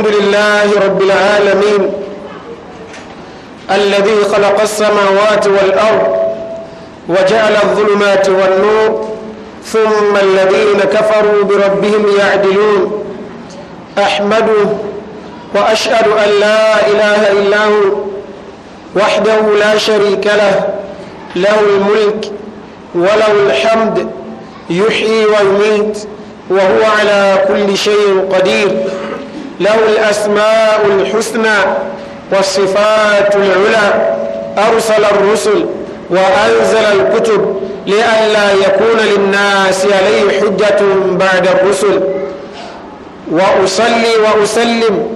الحمد لله رب العالمين الذي خلق السماوات والأرض وجعل الظلمات والنور ثم الذين كفروا بربهم يعدلون أحمده وأشهد أن لا إله إلا هو وحده لا شريك له له الملك وله الحمد يحيي ويميت وهو على كل شيء قدير له الأسماء الحسنى والصفات العلى أرسل الرسل وأنزل الكتب لئلا يكون للناس عليه حجة بعد الرسل وأصلي وأسلم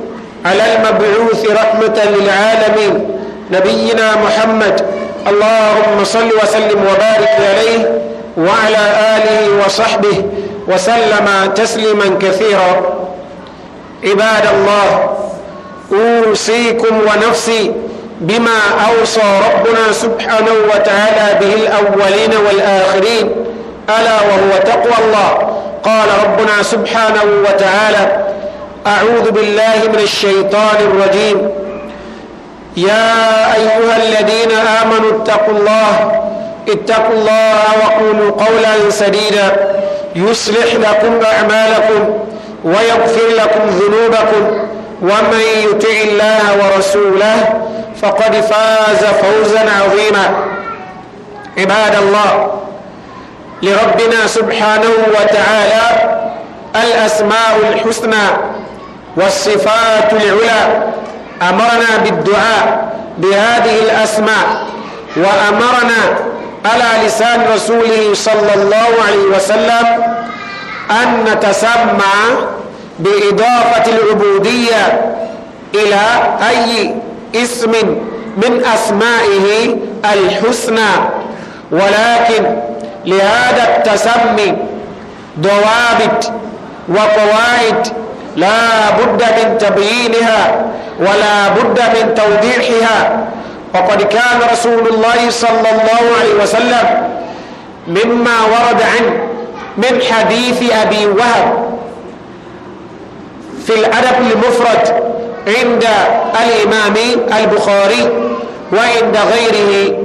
على المبعوث رحمة للعالمين نبينا محمد اللهم صل وسلم وبارك عليه وعلى آله وصحبه وسلم تسليما كثيرا عباد الله أوصيكم ونفسي بما أوصى ربنا سبحانه وتعالى به الأولين والآخرين ألا وهو تقوى الله قال ربنا سبحانه وتعالى أعوذ بالله من الشيطان الرجيم يا أيها الذين آمنوا اتقوا الله اتقوا الله وقولوا قولا سديدا يصلح لكم أعمالكم ويغفر لكم ذنوبكم ومن يطع الله ورسوله فقد فاز فوزا عظيما عباد الله لربنا سبحانه وتعالى الأسماء الحسنى والصفات العلى أمرنا بالدعاء بهذه الأسماء وأمرنا على لسان رسوله صلى الله عليه وسلم أن نتسمى بإضافة العبودية إلى أي اسم من أسمائه الحسنى ولكن لهذا التسمي ضوابط وقواعد لا بد من تبيينها ولا بد من توضيحها وقد كان رسول الله صلى الله عليه وسلم مما ورد عنه من حديث أبي وهب في الأدب المفرد عند الإمام البخاري وعند غيره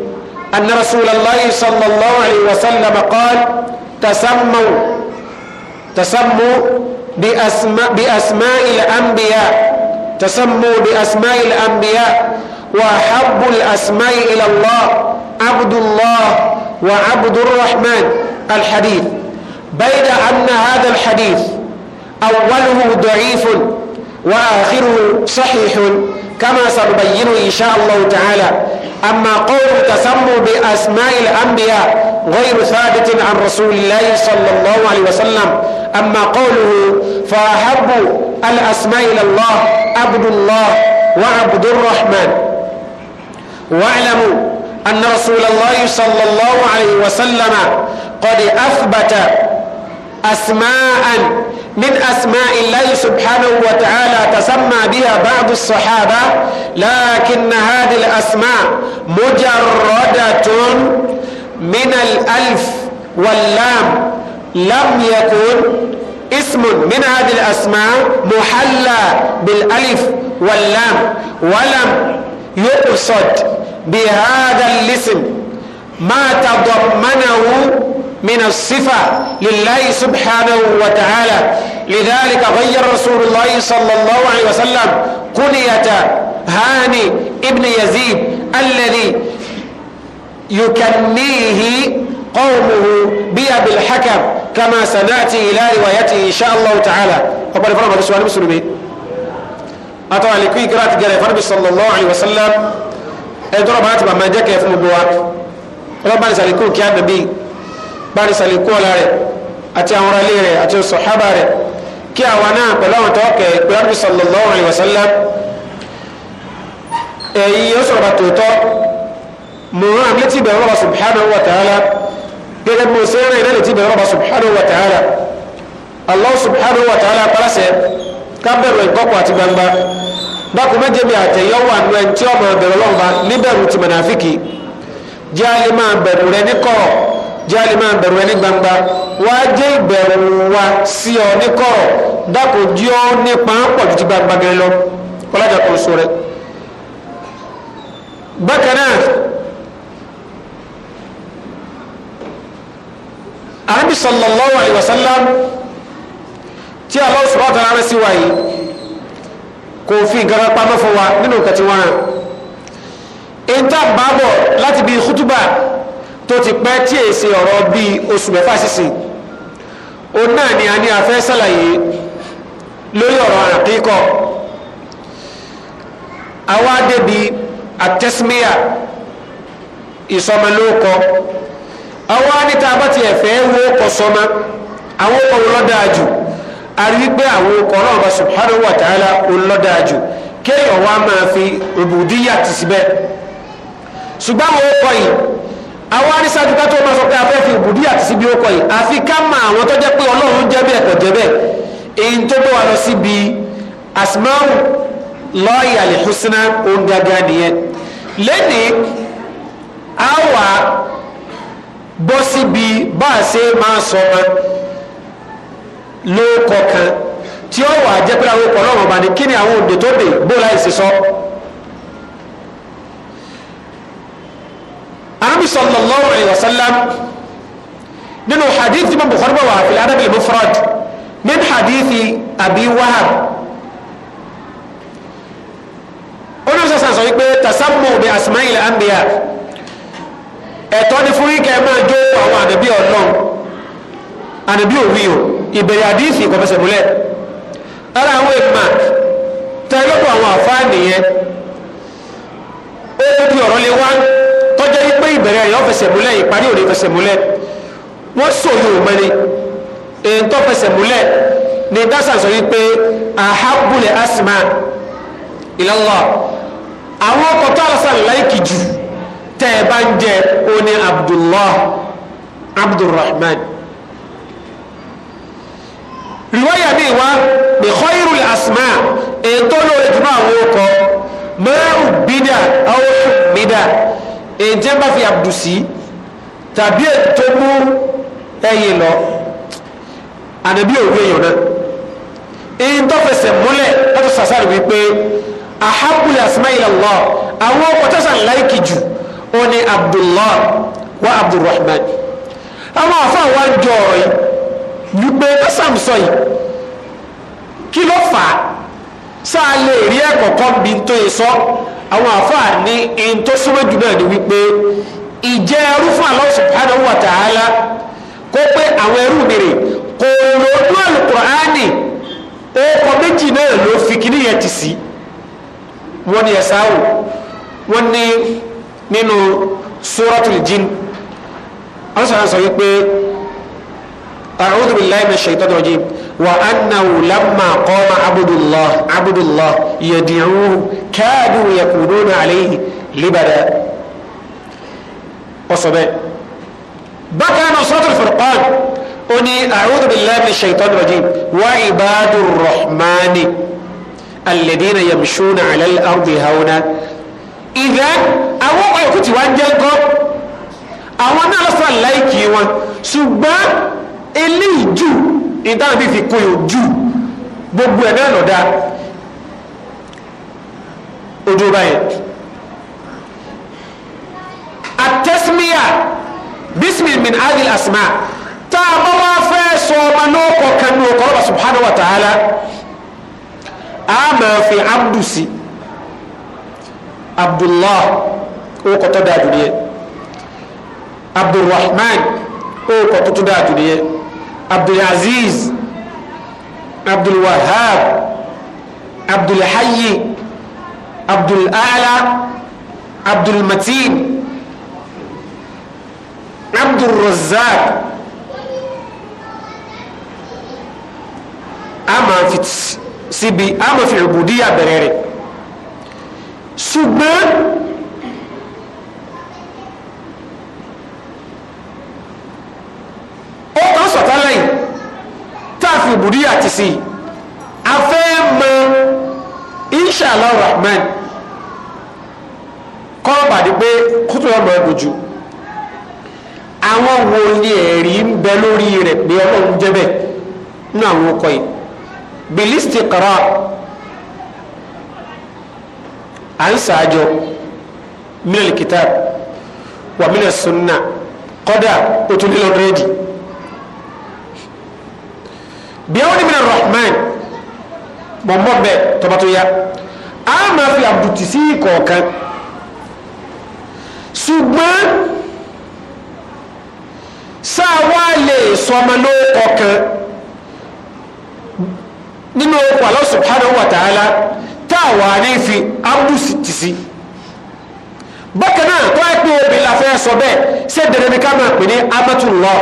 أن رسول الله صلى الله عليه وسلم قال تسموا تسموا بأسماء, بأسماء الأنبياء تسموا بأسماء الأنبياء وأحب الأسماء إلى الله عبد الله وعبد الرحمن الحديث بيد أن هذا الحديث أوله ضعيف وآخره صحيح كما سنبين إن شاء الله تعالى أما قول تسموا بأسماء الأنبياء غير ثابت عن رسول الله صلى الله عليه وسلم أما قوله فأحب الأسماء إلى الله عبد الله وعبد الرحمن واعلموا أن رسول الله صلى الله عليه وسلم قد أثبت أسماء من أسماء الله سبحانه وتعالى تسمى بها بعض الصحابة لكن هذه الأسماء مجردة من الألف واللام لم يكن اسم من هذه الأسماء محلى بالألف واللام ولم يقصد بهذا الاسم ما تضمنه من الصفة لله سبحانه وتعالى لذلك غير رسول الله صلى الله عليه وسلم كنية هاني ابن يزيد الذي يكنيه قومه بأبي الحكم كما سنأتي إلى روايته إن شاء الله تعالى قبل فرما بسوان مسلمين أطلع لكي قراءة قراءة فرمي صلى الله عليه وسلم أدرى ما أتبع ما جاك يفهم بواك ربنا سألكم كان نبي báni sàlékù ọ̀la rẹ̀ àti àwọn ará ilé rẹ̀ àti sàhábà rẹ̀ kí àwa náà pẹ̀lú àwọn tọ́ọ̀kẹ́ pé ànábì sallallahu alaihi wasallam èyí yóò sọ̀rọ̀ tòótọ́ mòrán àmì létí ìbẹ̀rù ọba subhanahu wa ta'ala gẹ́gẹ́ bí mo ṣe ń rìn létí ìbẹ̀rù ọba subhanahu wa ta'ala Allah subhanahu wa ta'ala pàṣẹ kábẹ̀rù ìkọ̀kọ̀ àti gbangba bákan méje mi àtẹ̀yọ́ wà nù ẹni tí ọmọ ti mọ̀nàfíkì jẹ́ àlè máa bẹ̀rù jáde máa bẹ̀rù ẹni gbangba wàá jẹ́ ìbẹ̀rù wa sí ọ níkọ̀rọ̀ dákò jí ọ nípa pọ̀jù ti gbangba gẹ́rẹ́ lọ ọlọ́jà kò so rẹ. bákan náà anabi sallallahu alayhi wa sallam tí Allah subhanahu wa ta'ala sí wa yìí kò fi gara pamọ́ fún wa nínú kàtí wọn. ìta bàbọ̀ láti bí kútúbà tó ti pẹ́ tí èsì ọ̀rọ̀ bíi oṣù mẹ́fà sísìn òun náà ni a ní afẹ́ sàlàyé lórí ọ̀rọ̀ àràkíkọ̀ àwa débi àtẹ́símíyà ìsọmọlóòkọ àwa níta bá tiẹ̀ fẹ́ wo kọ sọmọ àwọn ọkọ̀ wọn lọ́dáa jù àrí wípé àwọn ọkọ̀ náà bá subhanahu wa ta'ala wọn lọ́dáa jù kéèyàn wá máa fi òbòdíyà tì síbẹ̀ ṣùgbọ́n àwọn ọkọ̀ yìí àwọn arísájú ká tó máa sọ pé a fẹ́ fi ìbùdí àti síbi ó kọ yìí àfi ká mọ àwọn tó jẹ́ pé ọlọ́run jẹ́ bẹ́ẹ̀ kò jẹ́ bẹ́ẹ̀ èyí tó bọ́ wa lọ síbi asmaul lọ́ọ̀yì àlìkúsínà òun gàgà nìyẹn lẹ́nìí a wà bọ́ síbi bá a ṣe máa sọ ma lóókọ̀ kan tí ó wà jẹ́ pé àwọn ọkọ̀ ọlọ́run ọba ni kí ni àwọn òde tó dé bó láì sí sọ. anabi sallallahu alayhi wa sallam nínú hadith tí mo bukhari bá wà fìlà adabil mufrad min hadithi abi wahab onímọ̀ sọ wípé tasamu bi asma'il anbiya ẹ̀tọ́ ni fún yíkẹ́ máa jó àwọn ànábì ọlọ́run ànábì òwì o ìbẹ̀rẹ̀ àdìsí ìkọ̀fẹsẹ̀ múlẹ̀ ara àwọn èèmà tẹ́lọ́pọ̀ àwọn àfáà nìyẹn ó tó di ọ̀rọ̀ lé wá tọ́jọ́ yìí ìbẹ̀rẹ̀ rẹ̀ ọ̀fẹsẹ̀ múlẹ̀ ìparí òní fẹsẹ̀ múlẹ̀ wọ́n sòyò mẹ́rin èyí tó fẹsẹ̀ múlẹ̀ ní dáṣà sọ wípé ahabule asma ilallah àwọn ọkọ̀ tó àlọ́sàn láìkì jù tẹ́ ẹ bá ń jẹ oní abdullah abdulrahman riwaya mi wa bi khairul asma èyí tó lóore jùlọ àwọn ọkọ̀ mẹ́rù bídà àwọn bídà ètí ẹ bá fi àbùsí tàbí ètò mú ẹyìn lọ ànàbí òwe èèyàn náà èyí tó fẹsẹ̀ múlẹ̀ lọ́tọ̀ sàṣàrì wípé ahabul asma ilallah àwọn ọkọ̀tẹ́sàn láìkì jù ó ní abdullah wa abdulrahman àwọn àfáà wá jọ ọ̀rọ̀ yìí wípé sàmsọ yìí kí ló fà á sáà lè rí ẹ̀kọ́ kan bí tó yẹ sọ àwọn àfáà ní in tó súnmọ́ náà ni wípé ìjẹ́ ẹrú fún Allah subhanahu wa ta'ala kó pé àwọn ẹrú mèrè kò lòdú àlùkùránì ọkọ̀ méjì náà ló fi kíní yẹn ti sí wọ́n ní ẹ̀sà wò wọ́n ní nínú suratul jinn أعوذ بالله من الشيطان الرجيم وأنه لما قام عبد الله عبد الله يدعوه كادوا يكونون عليه لبدا وصبي بكى نصرة الفرقان أني أعوذ بالله من الشيطان الرجيم وعباد الرحمن الذين يمشون على الأرض هونا إذا أوقع كتوان جلقوا أو أنا أصلا لايكي وان eléyìí jù ìdáhùn fífi kó yòó jù gbogbo ẹ̀ náà lọ́dá ojú báyìí àtẹ́símíyà bísmìl min adil asma tá a bá wá fẹ́ sọ ọmọ náà kọ̀ọ̀kan ní ọkọ̀ ọba subhanahu wa ta'ala a máa fi abdu abdullah ó kọ́tọ́ dáa jù nìyẹn abdulrahman ó kọ́tọ́ tó dáa jù nìyẹn. عبد العزيز عبد الوهاب عبد الحي عبد الأعلى عبد المتين عبد الرزاق أما في سيبي أما في عبودية بريري ṣùgbọ́n rububiyya ti sí afẹ́ mọ inshallah rahman kọ́ọ̀bà ni pé kótó ọmọ ẹ̀ lójú àwọn wo ni ẹ̀rí ń bẹ lórí rẹ̀ pé ọlọ́run jẹ́ bẹ́ẹ̀ nínú àwọn ọkọ̀ yìí bilisti kara à ń sàájọ mílíọ̀nù kitab wà mílíọ̀nù sunna kọ́dà ó tún nílò rẹ́dì biawo ni mina rahman bọnbọ bẹ tọbọtọya a máa fi abudutisi kọ̀ọ̀kan ṣùgbọ́n sáwa lè sọmọ ló kọ̀ọ̀kan nínú ọkọ Allah subhanahu wa ta'ala táwa ní fi abudutisi bákan náà tó ẹ pé obìnrin la fẹ́ sọ bẹ́ẹ̀ ṣé dandan ni pè ní abatulọ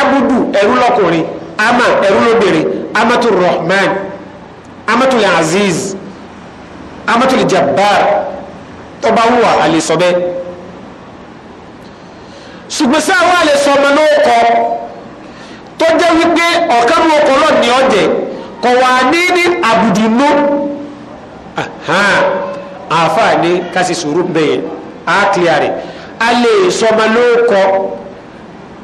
abudu ẹrú lọkùnrin. ama ẹrú lóbìnrin amatu rahman amatu aziz amatu jabbar tọba àlesọbẹ ṣùgbọ́n sáà wà àlesọmọ náà kọ tó jẹ́ wípé ọ̀kan ọkọ̀ ní kọ̀ ní ní àfáà sùúrù bẹ́ẹ̀ á kílíà rẹ̀ a lè náà kọ.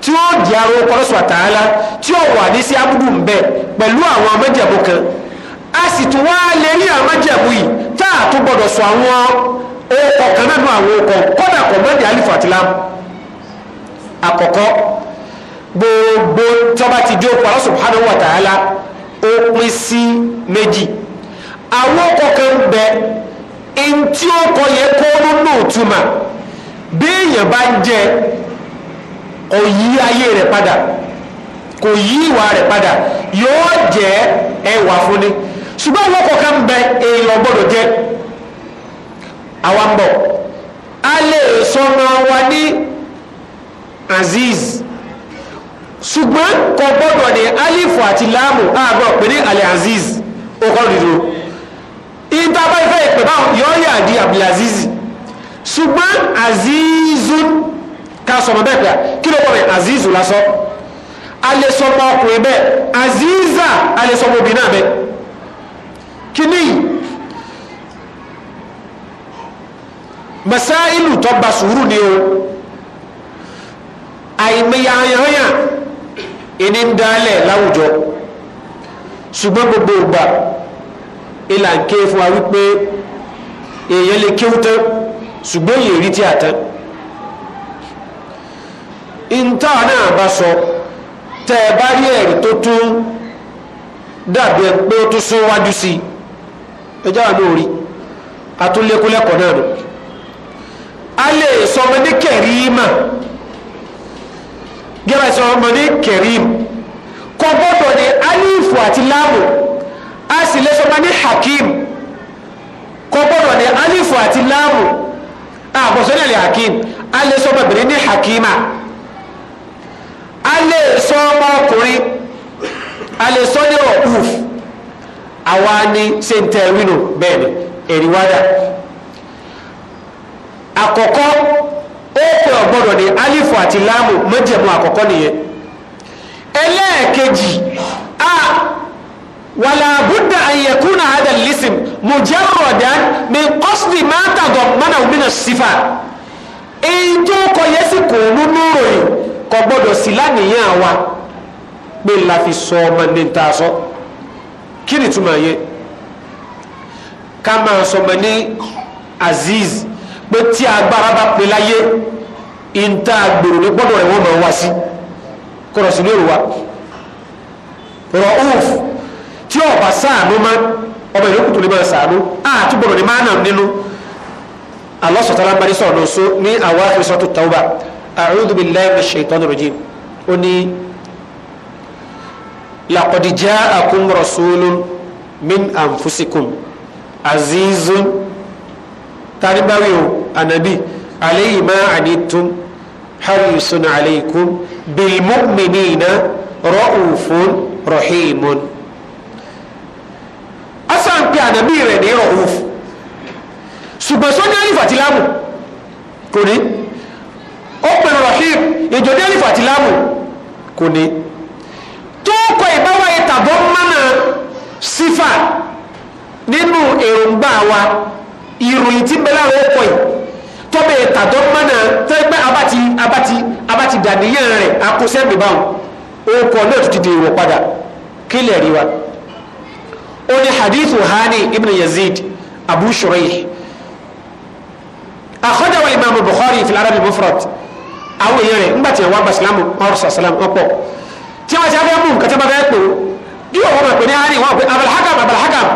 tí ó di ara ọkọ lọ́sùn àtàlá tí ó wà ní sí abudu mbẹ pẹ̀lú àwọn ọmọdébù kan a sì tún wá lè rí àwọn ọmọdébù yìí tá a tún gbọdọ̀ sọ àwọn ọkọ̀ kan nínú àwọn ọkọ̀ kọ́dà kọ̀ mọ́dé alifu àti lam àkọ́kọ́ gbogbo tọ́ba ti di ọkọ̀ lọ́sùn subhanahu wa ta'ala ó pín sí méjì àwọn ọkọ̀ kan bẹ ntí ọkọ̀ yẹ kó lónà òtúmà bí èèyàn bá ń jẹ kò yí ayé rẹ̀ padà kò yí ìwà rẹ̀ padà yóò jẹ́ ẹwà fún ni ṣùgbọ́n àwọn kọ̀ọ̀kan bẹ èèyàn gbọ́dọ̀ jẹ́ àwa ń bọ̀ a lè sọmọ wa ní aziz ṣùgbọ́n kò gbọ́dọ̀ ní alifu àti láàmù àgbọ̀ pé ní alẹ́ aziz ó kọ́ dìdò ìta bá ìfẹ́ ìpè báwọn yọ̀ọ́ yà di abdulaziz ṣùgbọ́n azizun ká sọ̀rọ̀ bẹ́ẹ̀ kí ló kọ́ azizu lásán alẹ́ sọ́pọ̀ ọkùnrin aziza alẹ́ sọ́pọ̀ obìnrin náà bẹ́ẹ̀ kíní masailu tó gba sùúrù ni o àìmẹyà ayanya ìní ń dálẹ̀ láwùjọ gbogbo ìgbà ìlà ń ké fún wa wípé èèyàn lè kéwú tán ṣùgbọ́n èèyàn ìntà náà bá sọ tẹ́ ẹ bá rí ẹ̀rí tó tún dàbí ẹ pé ó tún sún wájú sí i ẹjọ́ àná òrí atúnlékúlẹ́kọ̀ọ́ náà nù a lè sọ ọmọ ní kẹrìímà gẹ́gẹ́ sọ ọmọ ní kẹrìím kọ gbọ́dọ̀ ní alifu àti láàmù a sì lè sọ ọmọ ní hakim kọ gbọ́dọ̀ ní alifu àti láàmù àbọ̀sọ́nà lè hakim a lè sọ ọmọbìnrin ní hakima. Ah, lè sọ ọmọkùnrin a lè sọ ní ọ̀pùf àwa ni ṣe ń tẹ ẹ̀rí nù bẹ́ẹ̀ ni ẹ̀rí wáyà àkọ́kọ́ ó pè ọ̀gbọ́dọ̀ ní alifu àti láàmù májẹ̀mú àkọ́kọ́ nìyẹn ẹlẹ́ẹ̀kejì a wala budda an yakuna hadha al-ism mujarradan min qasdi ma tadammanahu min as-sifat in to ko yesi ko nu nuroyin kò gbọ́dọ̀ sí lánìyàn wa pé la fi sọ ọmọ ní ta sọ kí ni túmọ̀ yẹn ká máa sọmọ ní aziz pé tí agbára bá pe láyé ìta gbèrò ní gbọ́dọ̀ rẹ̀ wọ́n máa wá sí kọ̀rọ̀ sí lóru wa rọ̀ọ́f tí ọba sáànú máa ọmọ ìlú tó lè máa sàánú àtúbọ̀rọ̀ ní máa nà nínú alọ́sọ̀tàlámbárí sọ̀rọ̀ ní àwọn àfihàn tó tàwọn a'udhu billahi minash shaitanir rajim ó ní laqad ja'akum rasulun min anfusikum azizun taribawi o anabi alayhi ma anittum harisun alaykum bil mu'minina ra'ufun rahimun asan pe anabi rẹ̀ ní ra'uf ṣùgbọ́n sọ́jà ìfàtílámù kò ní rahim ìjọdé alif àti láàmù kò ní tó kọ ìbáwá ìtàbọ̀ mọ́nà sífà nínú èròǹgbà wa ìròyìn tí bẹ́lá rẹ̀ kọ̀ yìí tọ́bẹ̀ ìtàbọ̀ mọ́nà tó ẹgbẹ́ abati abati abati dàníyàn rẹ̀ akọ́sẹ́mi báwọn orúkọ náà tún ti di èrò padà kílẹ̀ rí wa ó ní hadithu hani ibn yazid abu shuraih akhrajahu imam bukhari fil arabi mufrad àwọn èèyàn rẹ̀ nígbà tí wọ́n gba sàlámù ọ̀rọ̀ sàlámù ọ̀pọ̀ tí wọ́n ti abẹ́ mú nǹkan tí wọ́n fẹ́ pè ó bí òun rẹ̀ pé ní àárín wọn pé abalahakam abalahakam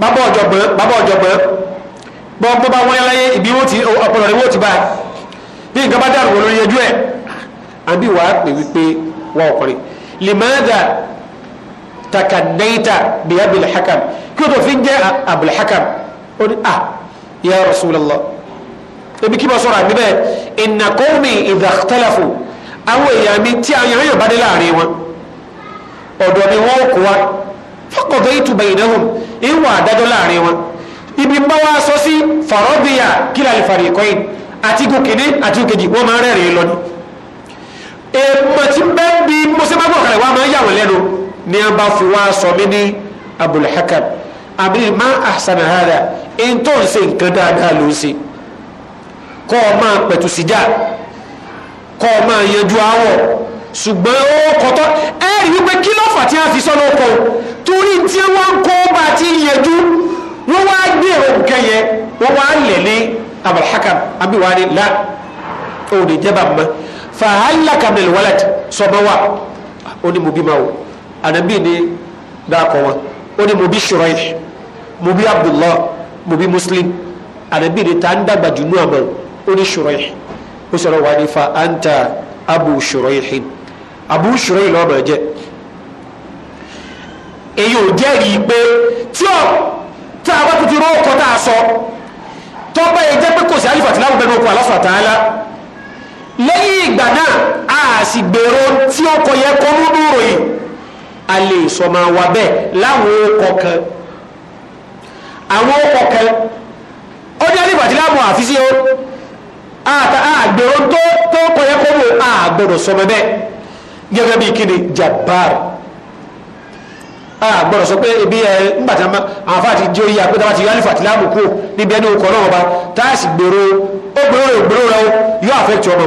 bàbá ọ̀jọ̀gbọ́n bàbá ọ̀jọ̀gbọ́n bọ́ bá wọ́n láyé ìbí wọ́n ti ọpọlọ rẹ̀ wọ́n ti bá bí nǹkan bá dàrú olórí ẹjọ́ ẹ̀ àbí wàá pè wípé wọ́n ọkùnrin limaada takadaita bi abalahakam kí o tó fi jẹ́ abalahakam ó ní à ah, ya rasulallah ebi kí bá sọ̀rọ̀ àmì bẹ́ẹ̀ inna qawmi idha ikhtalafu àwọn èèyàn mi tí àwọn èèyàn bá dé láàrin wọn ọ̀dọ̀ mi wọ́n kó wa faqadaytu baynahum ìwà àdájọ́ láàrin wọn ibi bá wa sọ sí faradiya kila al-fariqayn àti gòkèdè àti gòkèjì wọ́n máa rẹ́rìn lọ ni èèmọ̀ tí bẹ́ẹ̀ bí mo ṣe máa gbọ́ kàrẹ̀ wá yà wọ́n lẹ́nu ni a bá fi wá sọ mí ní Abul Hakam àbí hada èyí tó ń ṣe nǹkan dáadáa ló ń ṣe kọ́ ọ máa pẹ̀tù síjà kọ́ ọ máa yanjú àwọ̀ ṣùgbọ́n ó kọ́tọ́ ẹ rí wípé kí ló fà tí a fi sọ́nà ọkọ̀ torí tí wọ́n ń kó bá ti yanjú wọ́n wá gbé òǹkẹ́ yẹn wọ́n wá lẹ̀ ní abalhakam abiwari la ó lè jẹ́ bàbá fàhálà kàmìlì walad sọ́bọ̀ wà ó ní mo bí ma wò ànábì ní dáàkọ̀ wọn ó ní mo bí Shuraih mo bí Abdullah mo bí Muslim ànábì ní ta ń dàgbà jù nú àmọ́ ó ní Shuraih ó sọ̀rọ̀ wà ní fa anta abu Shuraihin abu Shuraih lọ́mọ jẹ́ èyí ò jẹ́rìí pé tí ọ tí a bá tuntun rókọ tá a sọ tó bá yẹ jẹ́ pé kò sí alifa tìláwù bẹ́ẹ̀ lóko aláfa tààlà lẹ́yìn ìgbà náà a sì gbèrò tí ó kọ yẹ kọ́ lódò ròyìn a lè sọ máa wà bẹ́ẹ̀ láwọn okọ̀ kan àwọn okọ̀ kan ó ní alifa tìláwù àfi o àtà àgbèrò tó tó kọyẹ kó wò àgbèrò sọ bẹ́ẹ̀ gẹ́gẹ́ bí kíni jabbar àgbọ̀rọ̀ sọ pé ibi ẹ̀ ńgbàtà àfá àti jí orí àpẹta láti yálìfà tí láàmù kú níbi ẹni okọ̀ náà ọba táàsì gbèrò ó gbèrò rẹ̀ gbèrò rẹ̀ yóò àfẹ́tì ọmọ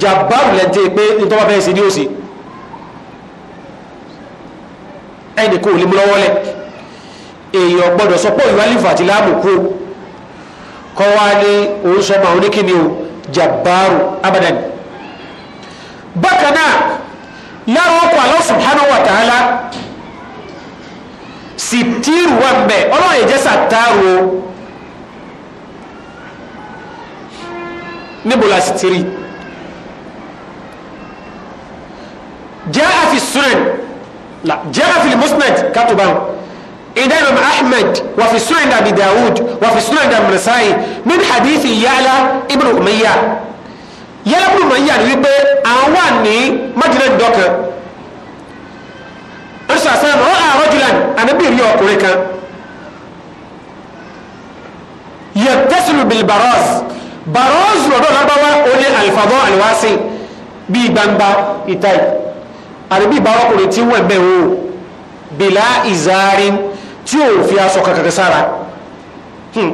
jàbáàrù lẹ́ntẹ́ pé nítorí bẹ́ẹ̀ sí ní òsì ẹnì kò lè mú lọ́wọ́lẹ̀ èèyàn gbọ́dọ̀ sọ pé ìyálìfà tí láàmù kú kọ́ wá ní òun sọ ma oníkìní o jabbaru abadan bákan náà lára ọkọ̀ Allah subhanahu wa ta'ala sitiru wa mbẹ ọlọ́run yẹ sàtàrù o níbo la sitiri jẹ́ àfi sunan jẹ́ àfi musnad kátó báwọn. إمام أحمد وفي سنن أبي داود وفي سنن النسائي من حديث يعلى ابن أمية يعلى ابن أمية wípé àwọn ní Madina dọ́kan rẹ́sà sàn ọ́ àrọ́jùlán ànábìrì ọkùnrin kan yẹtẹ́sìlù bíi baroz baroz lọ́dọ̀ lágbáwá ó ní alifadọ́ aliwasi bíi gbangba ìtàyè àdébí ìbáwọ́kùnrin tí wọ́n bẹ̀ wò bìlá ìzárin tí ò fi aṣọ kankan sára hmm.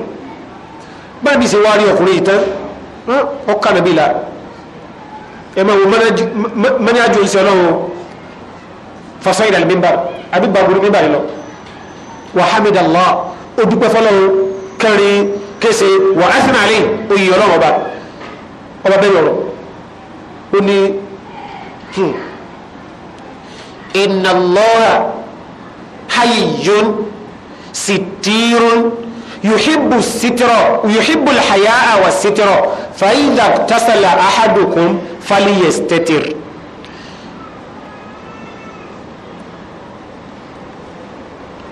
báàbí ṣe wá rí ọkùnrin ìtàn ọkà nàbí la ẹ máa wo mẹ́nìájú ìṣẹ́ ọlọ́run fasayi dàlí mímbà àbí bàbúrú mímbà lọ wà hamid allah ó dúpẹ́ fọlọ́run kẹrin kése wà áfínà àlẹ́ oyè ọlọ́run ọba ọba bẹ́ẹ̀ lọ́rọ̀ ó ní hmm, inna allah hayyun sitirun yuhibbu sitiro yuhibbu alhayaa wa sitiro fa idha tasala ahadukum faliyastatir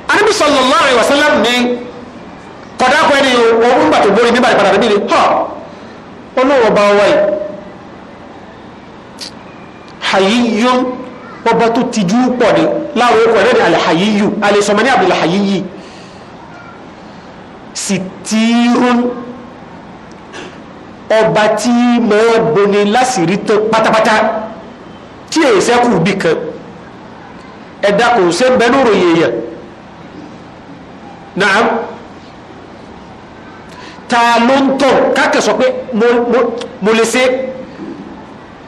anabi sallallahu alaihi wasallam ni kódà ko ẹni o n bato bori mi bari padà mi ni hàn olówó bá wá yìí hayiyun ọba tó tijú pọ̀ ni láwọn okùn ẹ̀rẹ́ ni alihayiyu alẹ́sọ̀mọ́ ní abdulhayiyi sitirun ọba tí mọ́ boni lásìrí tó pátápátá tí èyí sẹ́kù bí kan ẹ̀dá kò ṣe ń bẹ lóòrò yèèyàn náà ta ló ń tọ̀ káàkiri sọ pé mo lè ṣe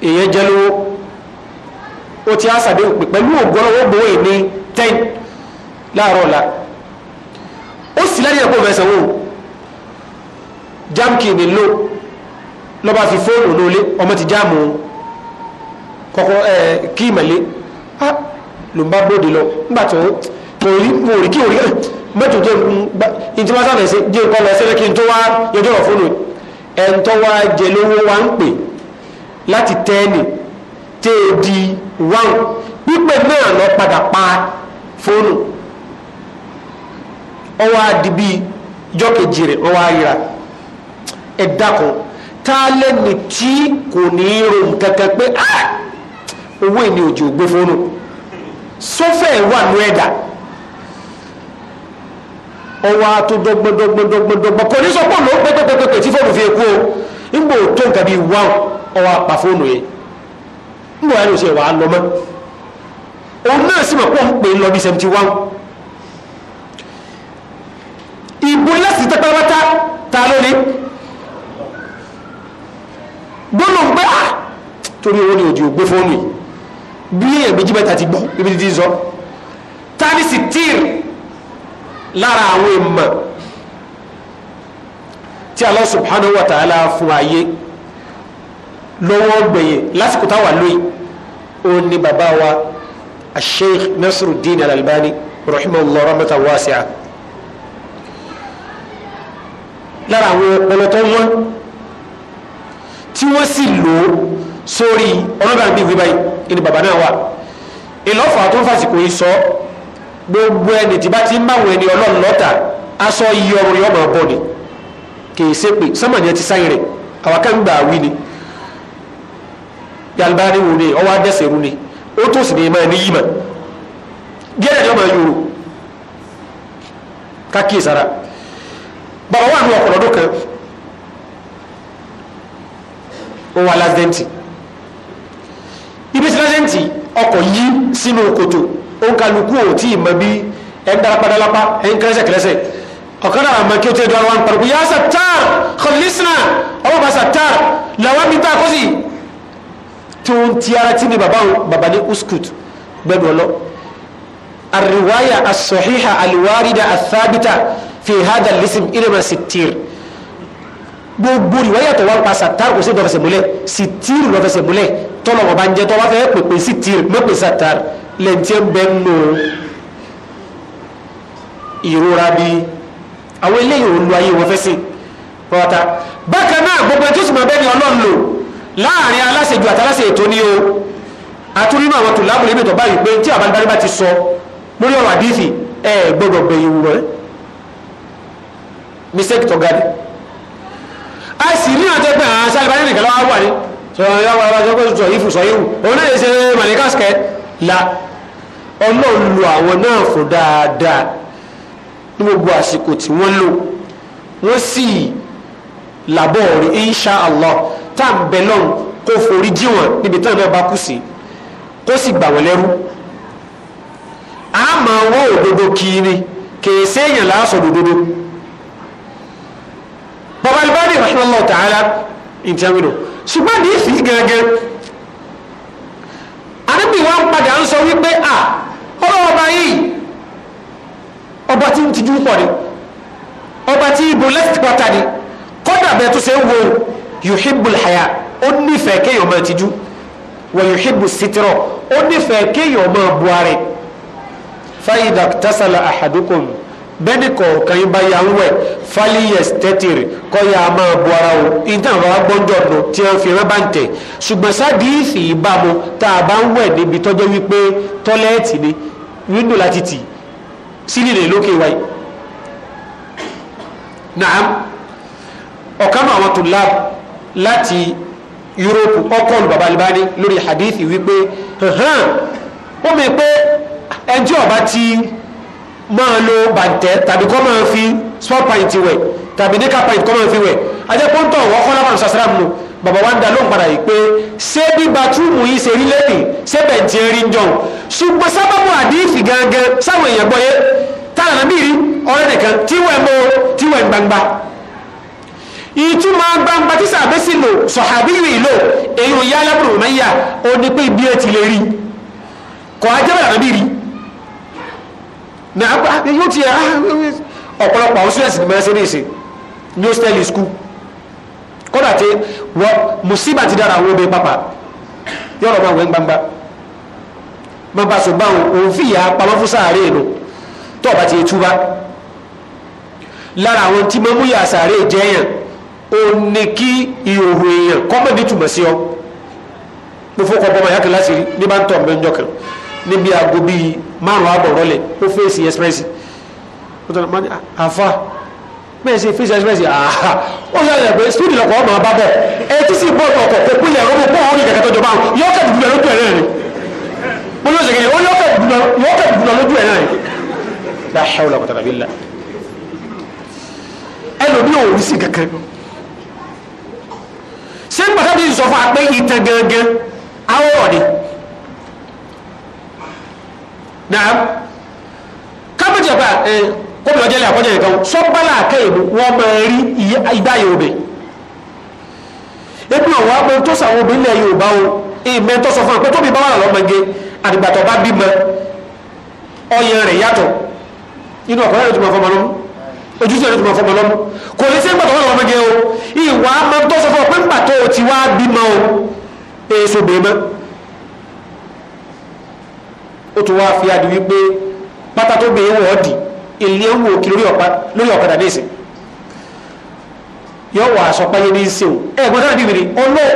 èyàn jẹ́ lówó ó ti á sàdéhùn pé pẹ̀lú ògbọ́n owó gbowó ní ten láàárọ̀ ọ̀la ó sì láyé ẹ̀kọ́ fẹ́ sanwó jáàmù ní ló lọ́ba fi fóònù lólé ọmọ ti jáàmù kọ́kọ́ ẹ̀ kí ìmọ̀lé á ah, ló ń bá bóde lọ nígbà tó kò rí kò rí kí ò rí mẹ́tò tó ń gbá ìtí wọ́n sábẹ̀ sí jẹ́ nǹkan lọ sẹ́lẹ̀ kí n tó wá yọjọ́ ọ̀ fóònù ẹ̀ ń tọ́ wá jẹ lówó wá ń pè láti tẹ́ẹ̀nì tẹ́ẹ̀ di wáhùn pípẹ́ náà lọ padà pa fóònù ọwọ́ adìbí ìjọ jiri rẹ̀ ọwọ́ ayira ẹ dákun tá a tí kò ní í ro nǹkan kan pé ah! owó èmi ò jò gbé fóònù sọfẹ wà nú ẹ̀dá ọwọ́ ató dọ́gbọ́dọ́gbọ́dọ́gbọ́ kò ní sọ pé òun pẹ́pẹ́pẹ́pẹ́ tí fóònù fi kú o tó nǹkan bíi fóònù yẹn ìbò lẹ́sì tẹ́pẹ́rẹ́ta ta ló ní gbọ́nà pé à ah! torí owó ni òjì ògbé fóònù yìí bí èèyàn méjì mẹ́ta ti gbọ́ ibi tí ti sọ ta ní sì tíìr lára àwọn èèmọ̀ tí Allah subhanahu wa ta'ala fún ayé lọ́wọ́ gbẹ̀yìn lásìkò táwà lóyìn ó ní bàbá wa Sheikh Nasiruddin Al-Albani rahimahullah rahmatan wasi'a lára àwọn ọpọlọ tó wọ́n tí wọ́n sì lò ó sórí ọlọ́gbà bíi wíwáyé ìní bàbá náà wà ìlọ́fà tó ń fàsìkò yìí sọ gbogbo ẹni tí bá ti ń báwọn ẹni ọlọ́run lọ́ta aṣọ iye ọrùn yọmọ bọ ni kìí ṣe pé sọmọnìyàn ti sáyìn rẹ àwọn kan gbà wí ni yalibani wo ni ọwọ́ adẹ́sẹ̀rú ni ó tó sì ní ìmọ̀ ẹni yìí mọ̀ gẹ́rẹ́ ni ọmọ yorùbá kákìí sára bàbá wà ní ọ̀pọ̀lọ́dún kan ó wà lásìdẹ́ǹtì ibi tí lásìdẹ́ǹtì ọkọ̀ yí sínú kòtò ó kálukú ò tí ì mọ bí ẹ ń darapá darapá ẹ àmọ́ kí ó tẹ́ dọ́rọ̀ wọn pàdùkú yá sàtàr kọ̀lísìnà ọmọ bá sàtàr làwọn mi tá a kọ́ ń ti ara tí ni bàbá bàbá ní uskut gbẹdọ̀ lọ àríwáyà asọ̀híhà àlùwárídà àthábítà fi hada lisim ilẹ̀mọ̀ sitir gbogbo ìwáyà tó wà ń pa satar kò sí lọ́fẹsẹ̀ múlẹ̀ sitir lọ́fẹsẹ̀ múlẹ̀ tọ́lọ̀ ọba ń jẹ tọ́ wá fẹ́ pèpè sitir mẹ́pè satar lẹ́ntì ẹ̀ bẹ́ẹ̀ nù ìrora bí àwọn eléyìí ò lu ayé wọn fẹ́ sí pọ́ta bákan náà gbogbo ẹ̀ tó sì mọ̀ bẹ́ẹ̀ ni ọlọ́run lò láàrin aláṣejù àtàláṣe ètò ní o atúrí náà wọn tò mi tó báyìí pé tí àbálùbárí ti sọ lórí ọ̀rọ̀ àdìsí ẹ gbọ́dọ̀ gbẹ̀yìn wúrọ ẹ mistake tó ga ni a sì ní àtẹ́gbẹ́ àwọn aṣáájú nìkan lọ́wọ́ wà ní sọ̀rọ̀ yàwó alájọ́ pé sọ̀rọ̀ yìí fún sọ̀rọ̀ yìí òun náà yẹ ṣe màlíkàṣkẹ́ la ọlọ́run lu àwọn náà fún dáadáa ní gbogbo àsìkò tí wọ́n lò wọ́n sì làbọ̀ rí insha allah tá à ń bẹ lọ́hùn kó forí jí wọn níbi táwọn náà bá kù sí kó sì gbà wọ́n lẹ́rú a máa wọ́ òdodo kiri kèé séèyàn lásọ̀ òdodo bàbá alibadi rahimahullah ta'ala ìtìyàwó ṣùgbọ́n ní ìfì gẹ́gẹ́ arábì wọn padà ń sọ wípé à ọlọ́wọ́ ọba yìí ọba tí ń tijú pọ̀ ni ọba tí ibo lẹ́sìtì pátá ni kọ́dà bẹ́ẹ̀ tó ṣe ń wo yuhibbul haya ó nífẹ̀ẹ́ kéèyàn máa tijú wa yuhibbu sitira ó nífẹ̀ẹ́ kéèyàn máa bu ara fa idha bẹ́ẹ̀ni kọ̀ọ̀kan yín bá ya ń wẹ̀ fáliyẹ̀sì tẹ́tìrì kọ́ ya máa bu ara o ìtàn bàbá gbọ́njọ́ nù tí wọ́n fi rán bá ń tẹ̀ ṣùgbọ́n sádìísì ìbámu tá a bá ń wẹ̀ níbi tọ́jọ́ wípé tọ́lẹ́ẹ̀tì ni wíńdò láti tì sílìlè lókè wáyé. naam ọ̀kan náà àwọn tòlá láti yúróòpù ọkọ̀ olùbàbá Albani lórí hadith wípé ó mi pé ẹjọ́ ọba ti máa lo bàtẹ́ tàbí kọ́ máa fi small pint wẹ̀ tàbí níkà pint kọ́ máa fi wẹ̀ ajẹ́pọ́ntọ̀ wọ́n kọ́ lábàrún sàsáràm nù bàbá wa ń da lóhùn padà yìí pé ṣé bí batúmù yìí ṣe rí lẹ́yìn ṣé bẹ̀ ti rí ń jọun ṣùgbọ́n sábàbù àdífì gangan sáwọn èèyàn gbọ́yé táwọn àbí rí ọ̀rẹ́ nìkan tí wọ́n mọ́ tí wọ́n gbangba ìtumọ̀ gbangba tí sàbẹ́sì lò sọ̀hábíyù ìlò èyí ò yá alábùrù mẹ́yà ó ní pé ibi ẹ̀ ti lè rí kọ̀ ajẹ́bẹ̀rẹ̀ àbí rí nàgbà yóò ti ọ̀pọ̀lọpọ̀ àwọn students ni mẹ́rẹ́sẹ̀ ní ìsìn ní hostel school kódà tí wọ́n mùsíbà ti dára àwọn obìnrin pápá yọ̀rọ̀ máa wẹ̀ ń gbangba máa bá ṣùgbọ́n òun fìyà pamọ́ fún sàárè nù tó ọba ti túbá lára àwọn tí mọ́mú yà sàárè jẹ́yàn ó ní kí ìhòòhò èèyàn kọ́mọ̀ ní túmọ̀ sí ọ mo fọ́kọ̀ bọ́mọ yàtọ̀ láti ní bá ń tọ̀ mẹ́jọ kan níbi aago bíi márùn àbọ̀rọ̀ lẹ̀ ó fèsì express àfa bẹ́ẹ̀ sí fèsì express àhà ó ṣàlẹ̀ pé stúdì lọ́kọ̀ ọmọ bá bọ̀ etí sì bọ́ọ̀lù ọkọ̀ kò pínlẹ̀ ọmọ pọ̀ orí kẹ̀kẹ́ tó jọba yọ́kẹ̀ dùdùlọ lójú ẹ̀rẹ́ rẹ̀ mo ló ṣèkè ó yọ́kẹ̀ dùdùlọ lójú ẹ̀rẹ́ rẹ̀ láhẹ́ ọ̀là kọ̀tàbí là ẹlòmí ò rí sí kankan ṣé pàtàkì sọ fún apẹ́ ìtàn gangan awọ́rọ̀ ni náà kábíyèsí ọ̀pá ẹ eh, gómìnà jẹ́lẹ̀ àkọ́jẹ́ nìkan sọ́bálà akẹ́yìnbó wọ́n máa rí ìdáyé obè ebi ọ̀wọ́ apẹ tó sàwọn obì ilẹ̀ Yorùbá o ìmẹ́ tó sọ fún apẹ tóbi bá wà lọ́mọge àdìgbàtọ̀ bá bímọ ọyẹ rẹ̀ yàtọ̀ inú ọ̀pọ̀ ẹ̀rọ tó máa fọmọ lọ́mú ojúṣe ẹ̀rọ tó máa fọmọ lọ́mú kò lè sí ìgbàtọ̀ wà lọ́mọge o ìwà máa tó sọ fún ọpẹ́ ńgbàtọ̀ ti wá bímọ o èso bèémọ́ ó tún wáá fi adi wípé pátá tó gbé ewé ọ̀dì ilé wò kí lórí ọ̀kadà ní ìsìn yóò wà aṣọ páyé ní ìsìn o ẹ gbọ́dọ̀ níbi ni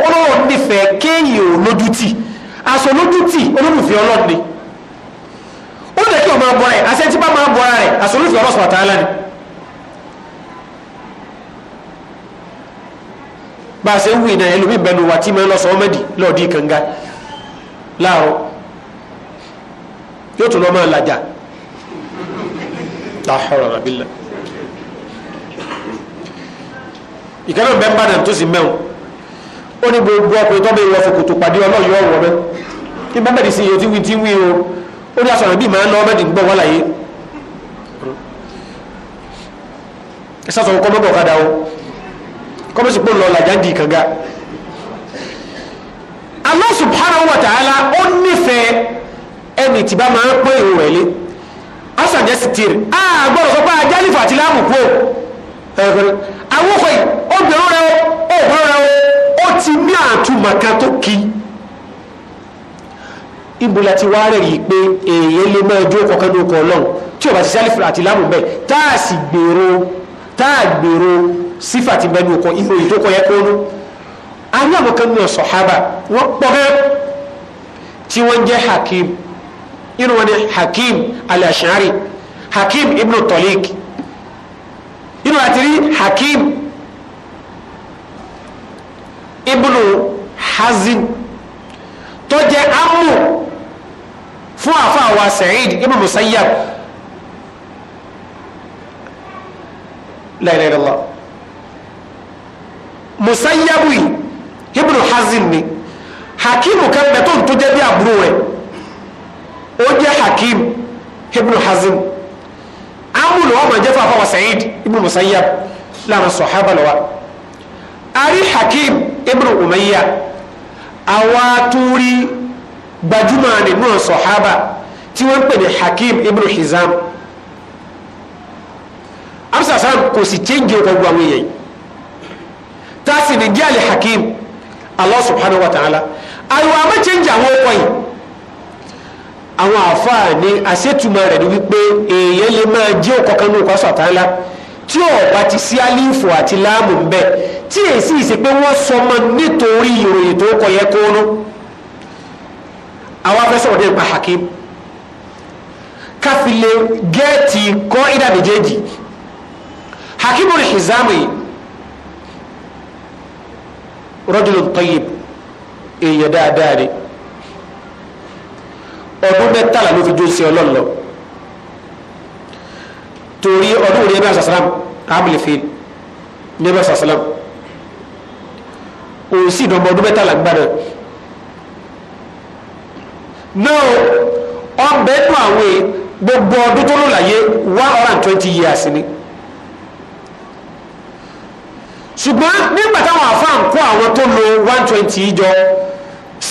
olóòwò nífẹ̀ẹ́ kéèyàn ò lójútì aṣọ lójútì olólùfẹ́ ọlọ́run ni ó lè kí o máa bọ́ra ẹ̀ àṣẹ tí bá máa bọ́ra rẹ̀ aṣọ olólùfẹ́ ọlọ́sùn àtàlá ni. bá a ṣe ń wí náà ẹlòmíì bẹnu wà tí mo lọ sọ ọmọdì lọ́ọ̀dì kànga láàárọ̀ yóò tún lọ máa làjà tahara rabila ìkànnì bẹ́ẹ̀ bá dàn tó sì mẹ́wọ̀n ó ní gbogbo ọkùnrin tó bẹ ìwọ fún kòtò pàdé ọlọ́yọ̀ ọ̀wọ́ mẹ́ kí bá bẹ̀rẹ̀ sí iye tí wí tí wí o ó ní aṣọ àbí màá lọ ọmọdé gbọ́ wọ́n láyé ẹ sá sọ kọ́ mọ́bọ̀ ọ̀kadà o kọ́ mọ́sí pé ń lọ làjà ń di ìkànga Allah subhanahu wa ta'ala ó nífẹ̀ẹ́ ẹnì tí bá máa ń pé ìwò rẹ̀ lé sì tèrè a gbọ́dọ̀ sọ pé ajá ní fàtí láàmù obìnrin rẹ o obìnrin rẹ ó ti ní àtúmọ̀ tó kí ti wá rẹ̀ yìí pé èèyàn lè máa dúró kọ̀ọ̀kan ọlọ́run tí o bá ti sálífù àti láàmù bẹ́ẹ̀ tá a sì gbèrò tá a gbèrò sífà bẹ́ẹ̀ irun wọn ni hakim al-ashari hakim ibn tolik irun àti rí hakim ibn hazin tó jẹ́ amu fún àfàwà sa'id ibn musayyab la ilaha illallah musayyabu ibn hazin ni hakimu kan tó ń tó jẹ́ bí àbúrò rẹ̀ ó jẹ́ hakim ibn hazim amúlò ọmọ jẹ́ fún afọwọ́ sa'id ibn musayyab lára sọ̀hábà lọ́wọ́ ari hakim ibn umayya àwa túrí gbajúmọ̀ nínú sọ̀hábà tí wọ́n ń pè ní hakim ibn hizam amsasan kò sì change ọkọ̀ gbogbo àwọn èèyàn tá a sì ní díàlì hakim allah subhanahu wa ta'ala àyùwà má change àwọn ọkọ̀ yìí àwọn àfáà ní àṣetumọ̀ rẹ̀ ni wípé èèyàn lè máa jẹ́ òkọ̀kan ní òkọ̀ sọ̀tánlá tí ọ̀bá ti sí àlífù àti láàmù ń bẹ̀ tí èsì ìsè pé wọ́n sọmọ nítorí ìròyìn tó kọ yẹ kóónú àwọn afẹ́sọ̀ ọ̀dẹ́ nípa hakim káfílẹ̀ gẹ́ẹ̀tì kọ́ ìdá méjèèjì hakimu hizamu yìí rọ́jùlù tayyib èèyàn dáadáa ni ọdún mẹ́tàlá ló fi jó sí ọlọ́run lọ torí ọdún òní ẹgbẹ́ àṣàṣàlám amúlẹ̀fẹ́ ní ẹgbẹ́ àṣàṣàlám òun sì dọ̀mọ ọdún mẹ́tàlá gbàdọ̀ náà ọbẹ̀ nù àwọn gbogbo ọdún tó lò láyé one hundred and twenty years ni ṣùgbọ́n nígbà táwọn àfáà ń kó àwọn tó lo one twenty jọ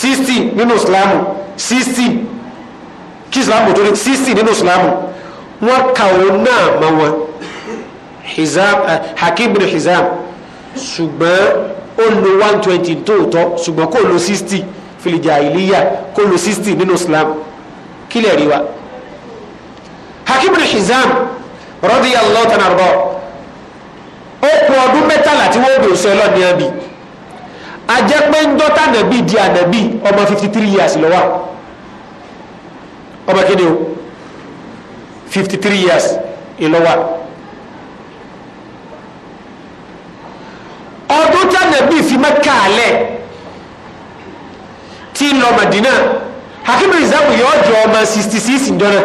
sixty nínú Islam sixty kí islamu tó ní sísì nínú islamu wọn kà ó náà mọ wọn eh, hakim bin hizam ṣùgbọ́n ó lo one twenty tóòtọ́ ṣùgbọ́n kó lo sixty filija iliya kó lo sixty nínú islam kí lè rí wa hakim bin hizam radiyallahu ta'ala anhu ó kù ọdún mẹ́tàlá tí wọ́n bèrè sọ lọ́ọ̀ni àbí ajẹ́pẹ́ ń dọ́tà nàbí di ànàbí ọmọ fifty three years lọ́wọ́ ọba kéde o fifty three years ìlọ́wà ọdún tí ànábì fi Mẹ́kà alẹ́ tí ń lọ Mẹdínà hakim rizamu yóò jọ ọmọ sixty six ndọ́nà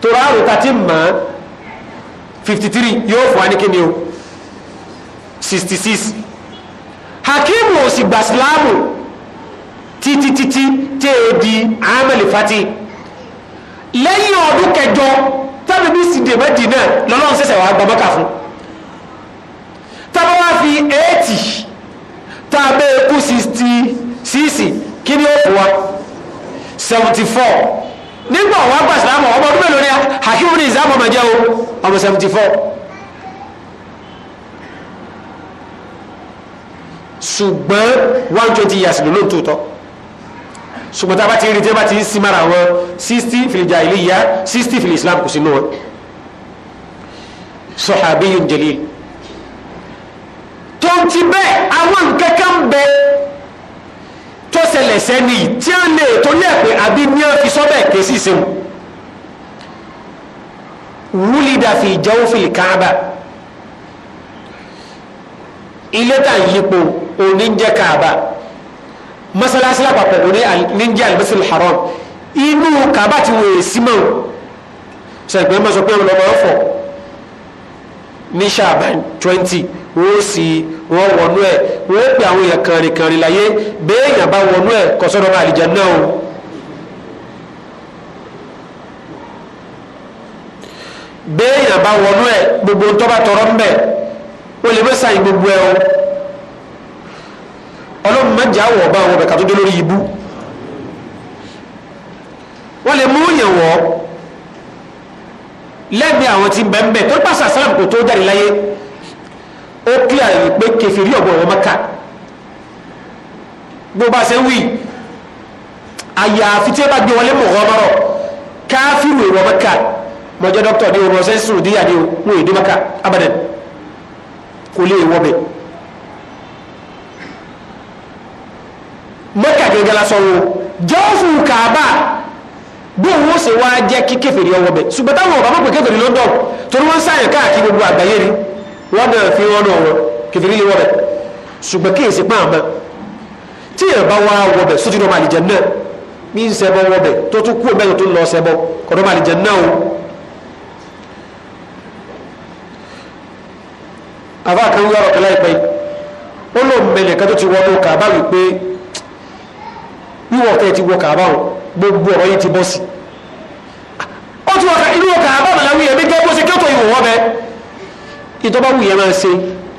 tó ráàrò tàti mọ́ fifty three yóò fún wa ní kíni o sixty six hakim ò sì gbà sílámù títí títí tí èé di amẹ́lì fatih lẹ́yìn ọdún kẹjọ tẹ́lẹ̀ bí sì dè méjì náà lọ́lọ́run ṣẹ̀ṣẹ̀ wàá gba mọ́kà fún tàbí wá fi eighty tàbí kú sixty six kí ni ó fò wá seventy four nígbà wàá gbà sílámù ọmọ ọdún mélòó ni hakimu ní ìsáàmù ọmọ jẹ́ o ọmọ seventy four. ṣùgbọ́n one twenty years ló ló ń tó tọ́ ṣùgbọ́n tá a bá ti rí tí a bá ti sí mara wọn sixty fil jahiliya sixty fil islam kò sí nù wọn. sahabiyun jalil tó ti bẹ́ẹ̀ àwọn nǹkan kan bẹ́ẹ̀ tó ṣẹlẹ̀ sẹ́ni tí a lè tó ní ẹ̀pẹ́ àbí ní a fi sọ́bẹ̀ ké sí sẹ́wọ̀n wúlídà fi jawfil káàbà ilé tà ń yípo oníjẹ́ káàbà mọ́sálásí lápapọ̀ ní níjẹ́ àlùbẹ́sẹ̀ haram inú kaba ti wòye símọ̀ sẹ̀gbẹ́ mọ́ sọ pé ọ̀nà ọmọ ọ̀fọ̀ ní sàbàn twenty wọ́n sì wọ́n wọnú ẹ̀ wọ́n pè àwọn èèyàn kànrin kànrin láyé béèyàn bá wọnú ẹ̀ kọ́sọ́dọ̀ bá àlìjẹ náà o. béèyàn bá wọnú ẹ̀ gbogbo tó bá tọrọ ń bẹ̀ ó lè mẹ́sàn gbogbo ẹ̀ o jẹ́ àwọ̀ ọba àwọn ọbẹ̀ ká tó dé lórí ibú wọ́n lè mú yàn wọ́ lẹ́gbẹ̀ẹ́ àwọn tí bẹ́ẹ̀ tó pàṣẹ àṣàlám kò tó jáde láyé ó kí àyè pé kẹfìrí ọ̀gbọ̀n ọ̀wọ́ mọ́ka bó bá ṣe ń wí àyàfi tí ó bá gbé wọlé mọ̀ ọ́mọ́rọ̀ káfíìrù èrò mọ́ka mọ̀jọ́ dókítà ní orun ọ̀sẹ̀ sùn díyà ní òun èdè mọ́ka abadan kò lè wọ́ bẹ́ẹ̀. mọ́kàgẹ́gẹ́ lásán wo jọ́ọ̀fù kàábà bí òun ó sì wá jẹ́ kí kèfèrí ọwọ́ bẹ̀ ṣùgbọ́n táwọn ọ̀bá pọ̀ kèfèrí ló dọ̀ torí wọ́n sáyẹ̀ káàkiri gbogbo àgbáyé ni wọ́n dẹ̀ fi wọ́n náà wọn kèfèrí lè wọ́ bẹ̀ ṣùgbọ́n kí èsì pọ́n àmọ́ tí èèyàn bá wá wọ bẹ̀ sójú ọmọ àlìjẹ náà bí ń ṣẹbọ wọ bẹ̀ tó tún kú mẹ́rin tó ń lọ ṣẹbọ kọ̀dọ̀ ọmọ àlìjẹ náà o. àbá kan yọrọ kẹlẹ́ ìpẹ́ ó lóun mẹ́lẹ̀ kan ti wọ́n ló kà bá wíwọ̀ tẹ́ ti wọ kàbá wọn gbogbo ọ̀rọ̀ yìí ti bọ́ sí ó ti wọ inú wọ kàbá wọn láwùyẹ bí gẹ́gbó sí kí ó tó ìwọ̀ wọ́n bẹ ìtọ́ba wùyẹ máa ṣe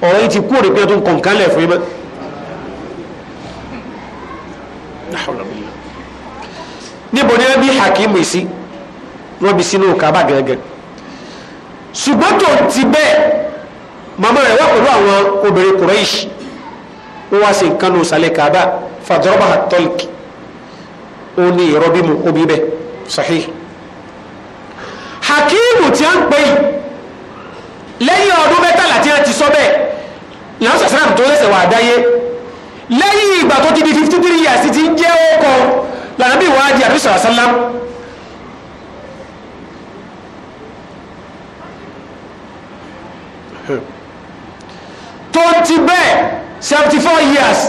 ọ̀rọ̀ yìí ti kú òrèpé tó ń kàn kálẹ̀ fún yín níbo ni wọ́n bí hakimu sí wọ́n bí sínú kàbá gẹ́gẹ́ ṣùgbọ́n tó ti bẹ́ẹ̀ màmá rẹ̀ wá pẹ̀lú àwọn obìnrin kùrẹ́ìṣì wọ́n wá sí nǹkan ní òsàlẹ̀ kàbá fàdúrọ́bà tọ́lìkì òun ni ìrọbí mu obì bẹ sahih hakimu tí a ń pè yìí lẹ́yìn ọdún mẹ́tàlá tí a ti sọ bẹ́ẹ̀ làwọn sàṣàrà tó lẹ́sẹ̀ wà dáyé lẹ́yìn ìgbà tó ti di fifty three years ti ń jẹ́ ọkọ̀ lànà bí ìwádìí àbí sọ̀rọ̀ sálám tó ti bẹ́ẹ̀ seventy four years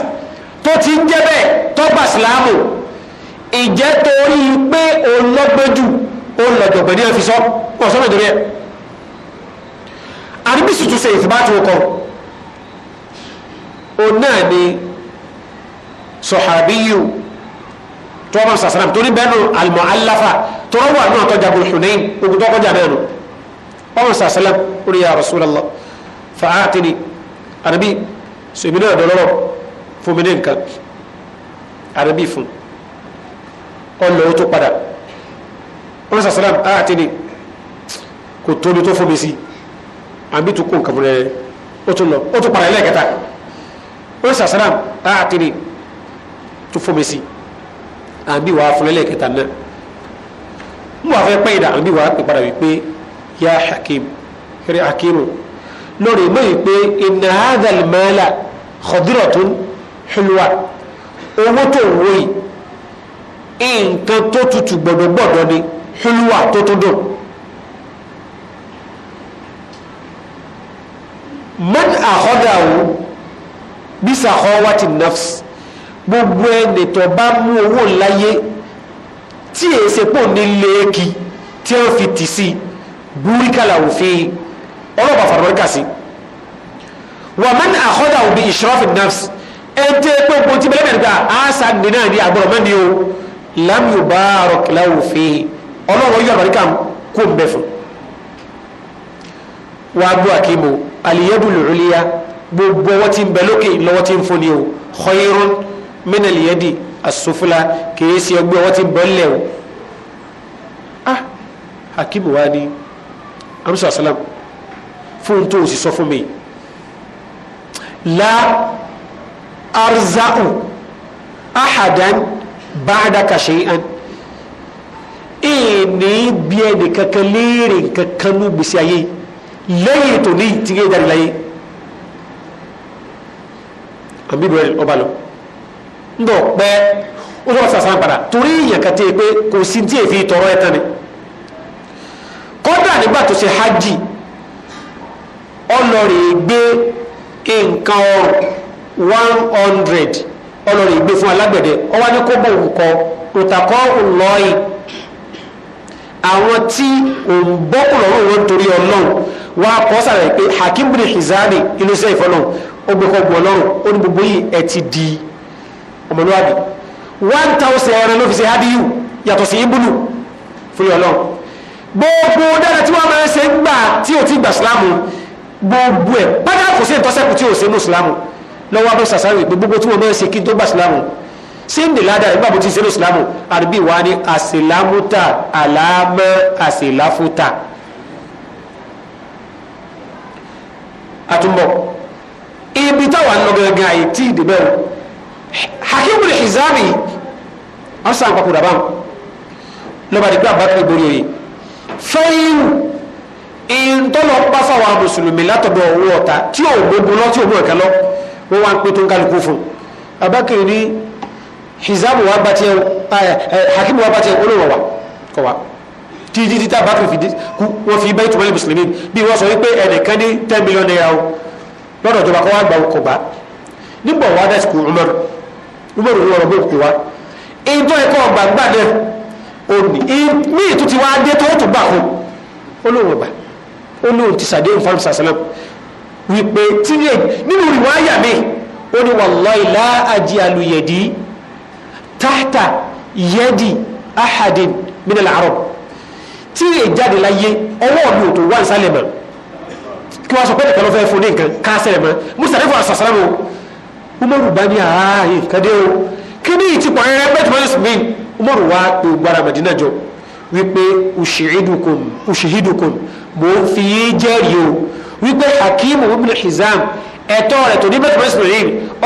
tó ti ń jẹ́ bẹ́ẹ̀ tó gbà sílámù ìjẹ́ torí pé òun lọ́gbẹ́jù òun lọ́gbẹ̀gbẹ̀ ní ẹ̀fisọ́ wọ́n sọ́nà ìdílé ẹ̀ àdúgbìsì tún ṣe ìfìbáàtì ọkọ̀ òun náà ni sọ̀hábíyù tó wọ́n sàṣàràm torí bẹ́ẹ̀nu al-mu'allafa tó wọ́n wà náà tó jagun Hunain ogun tó kọjá bẹ́ẹ̀nu wọ́n sàṣàràm orí ya Rasulullah fa'atini àdúgbì sèmínà dọ́lọ́rọ̀ fún mi ní nǹkan àdúgbì fún ọlọ ó tó padà wọn sàsàlám àti ah, ni kò tóbi tó fún mi sí àbí tó kó nǹkan fún rẹ ó tó lọ ó tó padà lẹ́ẹ̀kẹta wọn sàsàlám àti ah, ni tó fún mi sí àbí wàá fún lẹ́ẹ̀kẹta náà mo wà fẹ́ pẹ́ ìdá àbí wàá pè padà wípé yá hakim eré hakimu lórí mọ́ ìpè inna hadha al mala owó tó ń nǹkan tó tutù gbọ̀dọ̀gbọ̀dọ̀ ni húlùwà tó tó dùn. man àkọ́dàwó bí sàkọ́wàtì nafs gbogbo ẹni tó bá mú owó láyé tí èyí ṣe pò ní léèkì tí ó fi tì sí búríkàlà òfin ọlọ́pàá fàbọ̀ríkà sí wà man àkọ́dàwó bí ìṣọ́fì nafs ẹ jẹ́ pé gbogbo tí bẹ́ẹ̀ bẹ̀rẹ̀ gbà á sa nínú àdí àgbọ̀rọ̀ mẹ́ni o lam yubarak lahu fihi ọlọ́run yóò àbáríkà kó ń bẹ fún wàá bú àkíbo aliyadul uliya gbogbo ọwọ́ tí ń bẹ lókè lọ́wọ́ tí ń fúnni o khayrun min aliyadi as-sufla kìí ṣe ọgbẹ́ ọwọ́ o ah àkíbo wa amusa salam fún tó o sì sọ fún mi la arzau ahadan ba'daka shay'an ìní bí ẹnì kankan léèrè kankan ní gbèsè ayé lẹ́yìn tó ní ìtìgé ìdarí láyé àbí ìdúró ọba lọ ń bọ̀ pẹ́ ó lọ́wọ́ sàṣán padà torí ìyàn kan tẹ́ ni kódà nígbà tó ṣe hajj ọlọ́rẹ̀ gbé ọlọ́rọ̀ ìgbé fún alágbẹ̀dẹ ọwá ní kóbó nǹkọ òtàkọ́ ọlọ́ọ̀yì àwọn tí òun bọ́kù lọ́rùn wọn torí ọlọ́run wá kọ́ sàrẹ̀ pé hakim bin hizari iléeṣẹ́ ìfọlọ́run ó gbé kọ́ ó ní gbogbo yìí ẹ ti di ọmọlúwàbí one thousand ẹran ló fi ṣe hadiyu yàtọ̀ sí ibùdó fún ọlọ́run gbogbo dára tí wọ́n máa ń ṣe gbà tí ò ti gbà sílámù gbogbo ẹ̀ pátá sí ìtọ́sẹ́kù tí ò ṣe mú sílámù lọ́wọ́ abọ́ sàsáwì pé gbogbo tí wọ́n máa ń ṣe kí tó gbà sílámù síndì ládàá nígbà bó ti ṣe ló sílámù àdúgbò wa ni àṣìlámúta àlàámọ́ àṣìláfúta. àtúbọ̀ ibi táwa ń lọ gẹ́gẹ́ àyè tí ìdìbò rẹ̀ hakimul hizabi ọ̀sán àpapọ̀ dàbà lọ́ba dìgbà bá kí gbórí oyè fẹ́yìn ìntọ́lọ́ bá fáwọn mùsùlùmí látọ̀dọ̀ owó ọ̀tá tí ò gbogbo lọ tí ò gbogbo ẹ̀kẹ́ lọ wọ́n wá ń pín tó ń kálukú fún abákiri ní hizabu wa bá tiẹ̀ hakimu wa bá tiẹ̀ olówó wa kọ wa títí títí abákiri fi kú wọ́n fi bẹ́ẹ̀ tùmọ̀lẹ́ mùsùlùmí bí wọ́n sọ wípé ẹnìkan ní ten million naira o lọ́dọ̀ ìjọba kọ́ wá gbà kọ́ gbà nígbà wà dá sùkúl Umar Umar ní ọ̀rọ̀ bó kú wa ìjọ ẹ̀kọ́ gbàgbà náà òní ní ìtútí wa dé tó tó gbà kó olówó gbà olówó ti sàdé nfàlùsàsálàmù wípé tíye nínú ìwáyà mi ó ní wallahi la ajialu yadi tahta yadi ahadin min al-arab tíye jáde láyé ọwọ́ mi ò tó wá ìsàlẹ̀ mọ́ kí wọ́n sọ pé nìkan ló fẹ́ fún ní nǹkan káṣẹ̀rẹ̀ mọ́ mùsàlẹ̀ fún àṣàṣàrẹ̀ o umaru bá ní wípé hakim ibn hizam ẹ̀tọ́ rẹ̀ tó ní bẹ́ẹ̀ tọ́lẹ́sì rèé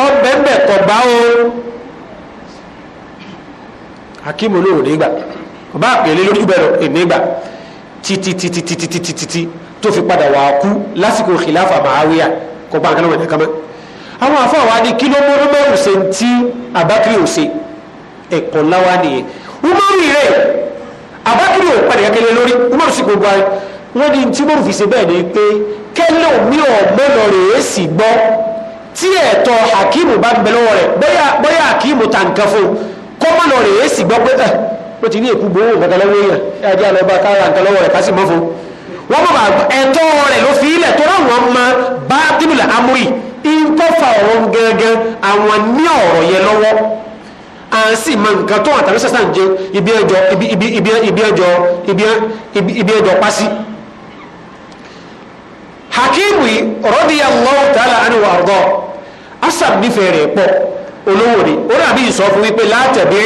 ọbẹ̀ ń bẹ̀ kọ̀ bá o hakim olóhùn nígbà ọba àpèlé lórí bẹ̀rẹ̀ nígbà títítítítítítítí tó fi padà wà á kú lásìkò khilafa ma'awiya kọ bá nǹkan lọ́wọ́ ẹ̀ka mọ́ àwọn afọwọ́ adi kí ló mú umaru ṣe ń tí abakiri ò ṣe ẹ̀kọ́ láwa nìyẹn umaru rẹ̀ abakiri ò padà kékeré lórí umaru sì gbogbo ayé wọ́n ní tí mo fi ṣe bẹ́ẹ̀ ni pé kẹ́lò mi ò gbọ́dọ̀ rèé sì gbọ́ tí ẹ̀tọ́ hakimu bá ń bẹ lọ́wọ́ rẹ̀ bóyá bóyá hakimu ta nǹkan fún kọ́ mọ́ lọ rèé sì gbọ́ pé ah, ó ti ní èkú gbowó nǹkan lọ́wọ́ èèyàn ẹ̀jẹ̀ àlọ́ba kára nǹkan lọ́wọ́ rẹ̀ ká sì mọ́ fún wọ́n mọ̀ bá ẹ̀tọ́ rẹ̀ ló fi ilẹ̀ tó ráwọn ọmọ bá dìbìlà amúrì ìtọ́fà ọ̀rọ̀ gẹ́gẹ́ àwọn ní ọ̀rọ̀ yẹn lọ́wọ́ à ń sì mọ nǹkan tó àtàrí sẹ́sàn jẹ ibi ẹjọ́ ibi ẹjọ́ ibi ẹjọ́ pásí hakimu radiyallahu ta'ala anhu wa arda asab nífẹ̀ẹ́ rẹ̀ pọ̀ olówó ni ó dàbí ìsọ fún wípé látẹ̀bí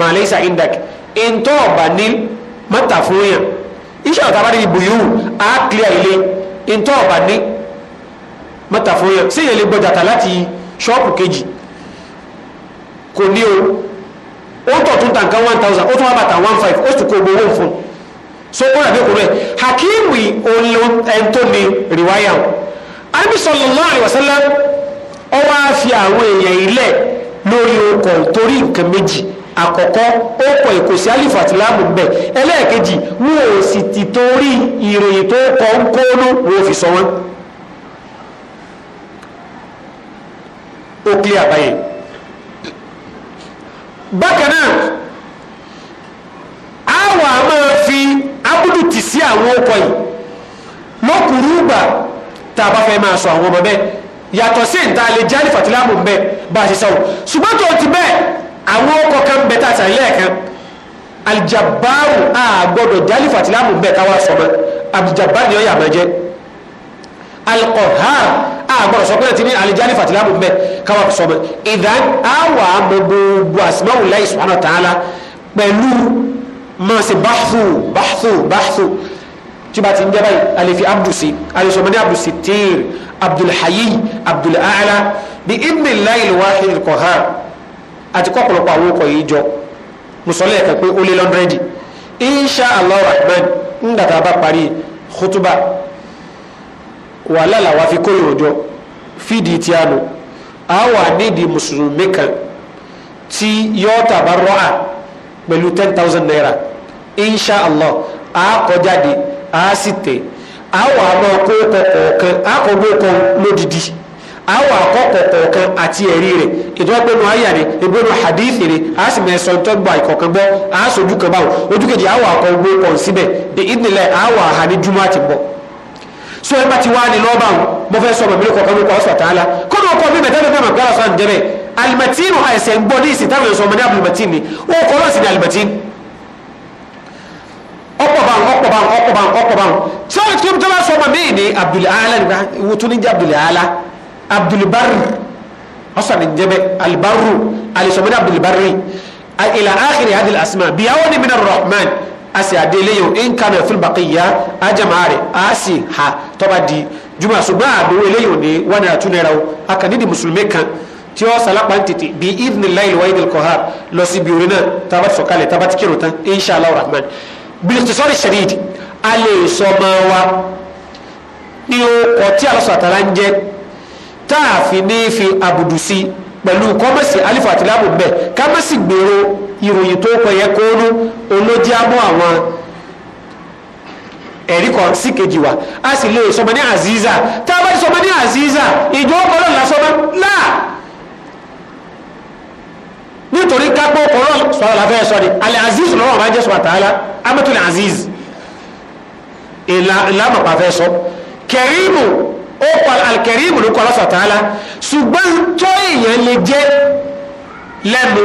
malaysia indak ìntọ́ ọ̀bà ní mọ́ta fún yàn iṣẹ́ ọ̀tá bá ní ibù yìí á clear ilé ìntọ́ ọ̀bà ní mọ́ta fún yàn sí ìyẹn lè gbọ́jàtà láti ṣọ́ọ̀pù kejì kò ní o ó tọ̀ tún one thousand ó tún wá bàtà one five ó sì kó gbowó fún un sókúrò àbí òkúrò ẹ̀ hakimu ẹ̀ntó ni rìwáyà o Ànábì sallallahu alaihi wasallam ó wá fi àwọn èèyàn ilẹ̀ lórí okọ̀ torí nǹkan méjì àkọ́kọ́ okọ̀ ìkòsí alifu àti láàmù bẹ̀ ẹlẹ́ẹ̀kejì wọn ò sì ti torí ìròyìn tó kọ́ ń kóónú wọn ò fi sọ wọn. ó kílẹ̀ àbáyé bákan náà a máa fi abudu ti sí àwọn ọkọ̀ yìí lókùrú gbà tá a bá fẹ́ máa sọ àwọn ọmọ bẹ́ẹ̀ yàtọ̀ sí ìta lè já ní fàtíláàmù ń bẹ bá a ṣe sáwọ ṣùgbọ́n tó ti bẹ́ẹ̀ àwọn ọkọ̀ kan bẹ tá a sàrí lẹ́ẹ̀kan alìjàbáwò a gbọ́dọ̀ já ní fàtíláàmù ń bẹ káwá sọ mọ́ alìjàbá ni ó yà máa jẹ́ alìkọ̀há a gbọ́dọ̀ sọ pé ti ní alìjá ní fàtíláàmù ń bẹ káwá sọ mọ́ ìdá àwọ̀ àmọ́ gbogbo àsìmáwò láì subhanahu máa ṣe báfù báfù báfù tí bá ti ń jẹ́ báyìí alẹ́fi abdulsi alẹ́sọ̀mọ́dé abdulsi tíìr abdulhayi abdulala bí ibni láìlú wáhid kọ̀há àti kọ́pọ̀lọpọ̀ àwọn ọkọ̀ yìí jọ mùsọ̀lẹ̀ ẹ̀ka pé ó lé lọ́ndrẹ́dì insha allah rahman ń dàtà bá parí khutuba wàhálà làwọn afi kórè òjò fídì tí a nù àwọn àníìdì mùsùlùmí kan tí yọ́ọ̀tà bá rọ́ pẹ̀lú ten thousand naira insha allah a kọ jáde a sì tẹ̀ a wà máa kó kọ̀ọ̀kan a kọ̀ gbó kan lódìdí a wà kọ́ kọ̀ọ̀kan àti ẹ̀rí rẹ̀ ìtọ́gbẹ́nu àyà ni ìgbẹ́nu hadith ni a sì mẹ́sàn tọ́gbà ìkọ̀kan gbọ́ a sojú kan báwo ojú kejì a wà kọ́ gbó kan síbẹ̀ bí ìdílé a wà hà ní júmọ́ àti bọ̀ so ẹ bá ti wá ní lọ́ọ̀bà mo fẹ́ sọ ọmọ mi ní kọ̀ọ̀kan mi kọ́ ọ̀sán tààlà kó ní ọkọ̀ mi mẹ́tẹ́lẹ́fẹ́ mọ̀ pé àwọn sàn jẹ́ bẹ́ẹ̀ alimatinu àìsẹ̀ ń gbọ́ ní ìsìn táwọn èèyàn sọ ọmọ ní abdulmatin ni ó kọ́ lọ́sìn ní alimatin ọ̀pọ̀ban ọ̀pọ̀ban ọ̀pọ̀ban ọ̀pọ̀ban tí wọ́n tún tọ́lá sọ ọmọ míì ní abdulhala wo tún ní jẹ́ abdulhala abdulbarri ọ̀sán ní jẹ́bẹ̀ albarru alisọ̀mọ́ ní abdulbarri ila akhiri hadil asma biyawo ni minar rahman a sì àdélé yòó in kana fil baqiya ajamaare a sì ha tọ́ba di juma ṣùgbọ́n àdéhùn eléyìí ò ní wọ́n náírà tún o a kàn kan tí ó sàlápà ń tètè bí idhnillahi al-wahid al-qahhar lọ sí ibi orin náà tábà sọ̀kalẹ̀ tábà ti kírun tán inshallah rahman bilitisori shadid a lè sọ ọmọ wa ní ọkọ tí alásọ àtàlà ń jẹ táàfin ní fi àbùdù sí pẹ̀lú kọ́mẹ́sì alifa àti lábùn bẹ́ẹ̀ kámẹ́sì gbèrò ìròyìn tó pẹ̀yẹ kóónú olójì àmọ́ àwọn ẹ̀rí kan sí kejì wa a sì lè sọmọ ní aziza tá a bá ti sọmọ ní aziza ìjọ ọmọ náà lásọmọ náà nítorí kápó kọ̀rọ̀ sọ̀rọ̀ làfẹ́ sọ̀rọ̀ alẹ́ aziz lọ́wọ́ máa jẹ́ sọ̀rọ̀ tààlà amatul aziz ìlànà pàfẹ́ sọ kẹrìmù ó kọ alkẹrìmù ló kọ lọ́sọ̀ tààlà ṣùgbọ́n tó èèyàn lè jẹ́ lẹ́nu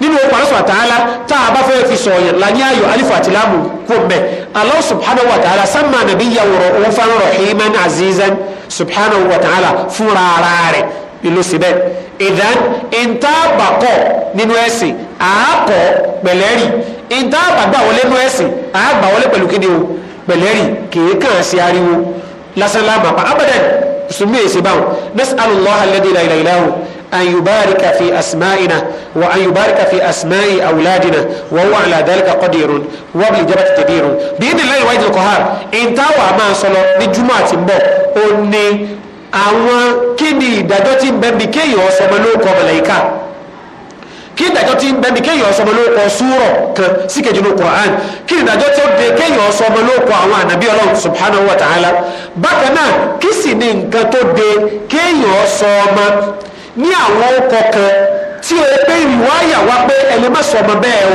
nínú ó kọ lọ́sọ̀ tààlà tá a bá fẹ́ fi sọ̀yàn la ní ayọ̀ alifu àti láàmù kó mẹ́ Allah subhanahu wa ta'ala fúnra ara rẹ̀ ìlú síbẹ̀ ìdán ìntàbàkọ̀ nínú ẹ̀sìn àákọ̀ pẹ̀lẹ́rì ìntàbàgbàwọlé nínú ẹ̀sìn àágbàwọlé pẹ̀lú kíni o pẹ̀lẹ́rì kèékàn sí ariwo lásán láàmà pa abadan sùnmí èsì báwọn nasalu allah alladhi la ilaha illa hu an yubarika fi asma'ina wa an yubarika fi asma'i awladina wa huwa ala dhalika qadirun wa bil jabati tadirun bi idhnillahi wahid al qahar intawa ma solo ni jumu'ati mbo onni àwọn kí ni ìdájọ́ tí ń bẹ bí kéèyàn ọ̀sọ̀mọ lóòkọ màláíkà kí ìdájọ́ tí ń bẹ bí kéèyàn ọ̀sọ̀mọ lóòkọ súrọ̀ kan sí kejì Qur'an kí ìdájọ́ tí ó de kéèyàn ọ̀sọ̀mọ lóòkọ àwọn ànàbí ọlọ́run subhanahu wa ta'ala bákan náà kí sì ni nǹkan tó de kéèyàn ọ̀sọ̀mọ ní àwọn ọkọ̀ kan tí o pé ìwáyà wá pé ẹni má sọ ọmọ bẹ́ẹ̀ o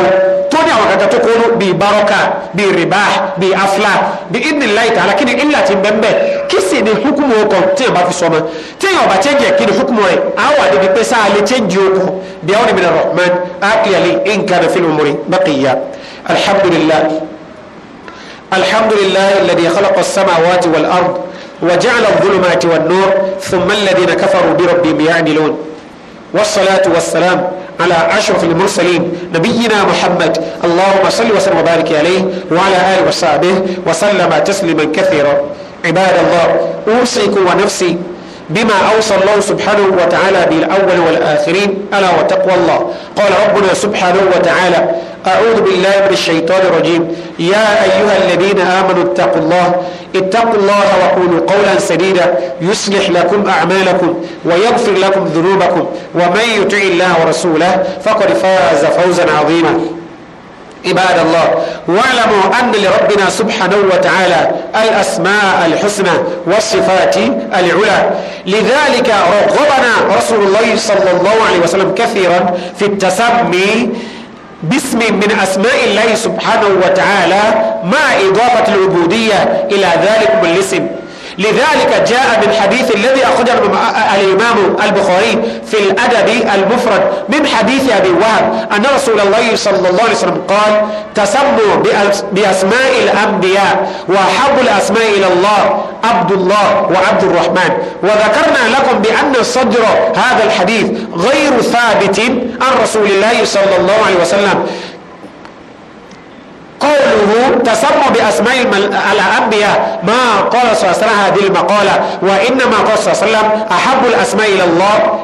tó ní àwọn kankan tó kó bíi baraka bíi riba bíi afla bíi idnillahi ta'ala kí ni ilà ti bẹ́ẹ̀ bẹ́ẹ̀ kí sì ni hukumu ọkọ̀ tí o bá fi sọmọ tí yóò bá change kí ni hukumu rẹ̀ á wà níbi pé sáà lè change okò bí àwọn ìbìnrin rahman akíyàlì in kana fil umuri baqiya alhamdulillah alhamdulillah alladhi khalaqa as-samawati wal ard وجعل الظلمات والنور ثم الذين كفروا بربهم يعدلون والصلاة والسلام على أشرف المرسلين نبينا محمد اللهم صل وسلم وبارك عليه وعلى آله وصحبه وسلم تسليما كثيرا عباد الله أوصيكم ونفسي بما أوصى الله سبحانه وتعالى بالأول والآخرين ألا وتقوى الله قال ربنا سبحانه وتعالى أعوذ بالله من الشيطان الرجيم يا أيها الذين آمنوا اتقوا الله اتقوا الله وقولوا قولا سديدا يصلح لكم أعمالكم ويغفر لكم ذنوبكم ومن يطع الله ورسوله فقد فاز فوزا عظيما عباد الله واعلموا أن لربنا سبحانه وتعالى الأسماء الحسنى والصفات العلى لذلك رغبنا رسول الله صلى الله عليه وسلم كثيرا في التسمي باسم من أسماء الله سبحانه وتعالى مع إضافة العبودية إلى ذلك الاسم لذلك جاء بالحديث الذي أخرج الإمام البخاري في الأدب المفرد من حديث أبي وهب أن رسول الله صلى الله عليه وسلم قال تسموا بأسماء الأنبياء وأحب الأسماء إلى الله عبد الله وعبد الرحمن وذكرنا لكم بأن صدر هذا الحديث غير ثابت عن رسول الله صلى الله عليه وسلم قوله تسمى بأسماء الأنبياء ما قال صلى الله عليه وسلم هذه المقالة وإنما قال صلى الله عليه وسلم أحب الأسماء إلى الله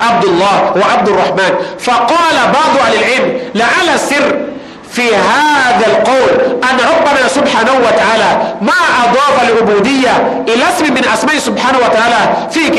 عبد الله وعبد الرحمن فقال بعض أهل العلم لعل السر في هذا القول أن ربنا سبحانه وتعالى ما أضاف العبودية إلى اسم من أسماء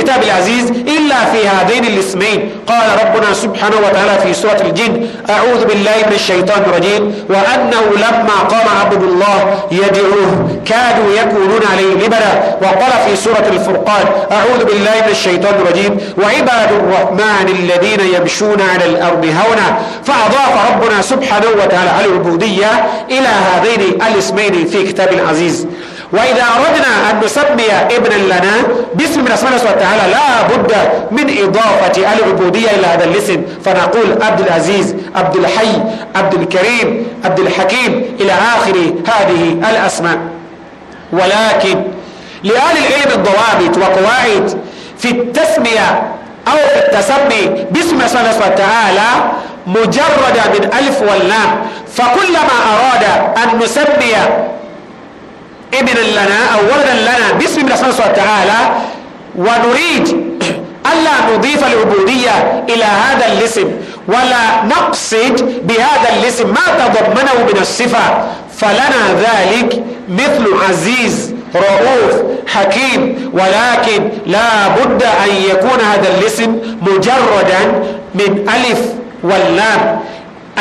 الكتاب العزيز إلا في هذين الاسمين قال ربنا سبحانه وتعالى في سورة الجن أعوذ بالله من الشيطان الرجيم وأنه لما قام عبد الله يدعوه كادوا يكونون عليه لبلا وقال في سورة الفرقان أعوذ بالله من الشيطان الرجيم وعباد الرحمن الذين يمشون على الأرض هونا فأضاف ربنا سبحانه وتعالى العبودية إلى هذين الاسمين في كتاب العزيز وإذا أردنا أن نسمي ابنا لنا باسم من أسماء الله سبحانه وتعالى لا بد من إضافة العبودية إلى هذا الاسم فنقول عبد العزيز عبد الحي عبد الكريم عبد الحكيم إلى آخر هذه الأسماء ولكن لأهل العلم الضوابط وقواعد في التسمية أو في التسمي باسم أسماء الله سبحانه وتعالى مجرد من ألف واللام فكلما أراد أن نسمي ابنا لنا أو ولدا لنا باسم من سبحانه وتعالى ونريد ألا نضيف العبودية إلى هذا الاسم ولا نقصد بهذا الاسم ما تضمنه من الصفة فلنا ذلك مثل عزيز رؤوف حكيم ولكن لا بد أن يكون هذا الاسم مجردا من ألف واللام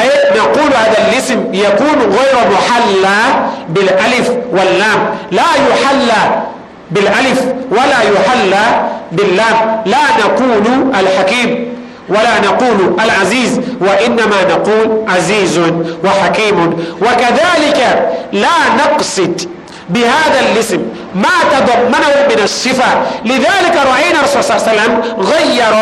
أي نقول هذا الاسم يكون غير محلى بالألف واللام لا يحلى بالألف ولا يحلى باللام لا نقول الحكيم ولا نقول العزيز وإنما نقول عزيز وحكيم وكذلك لا نقصد بهذا الاسم ما تضمنه من الصفة لذلك رأينا الرسول صلى الله عليه وسلم غير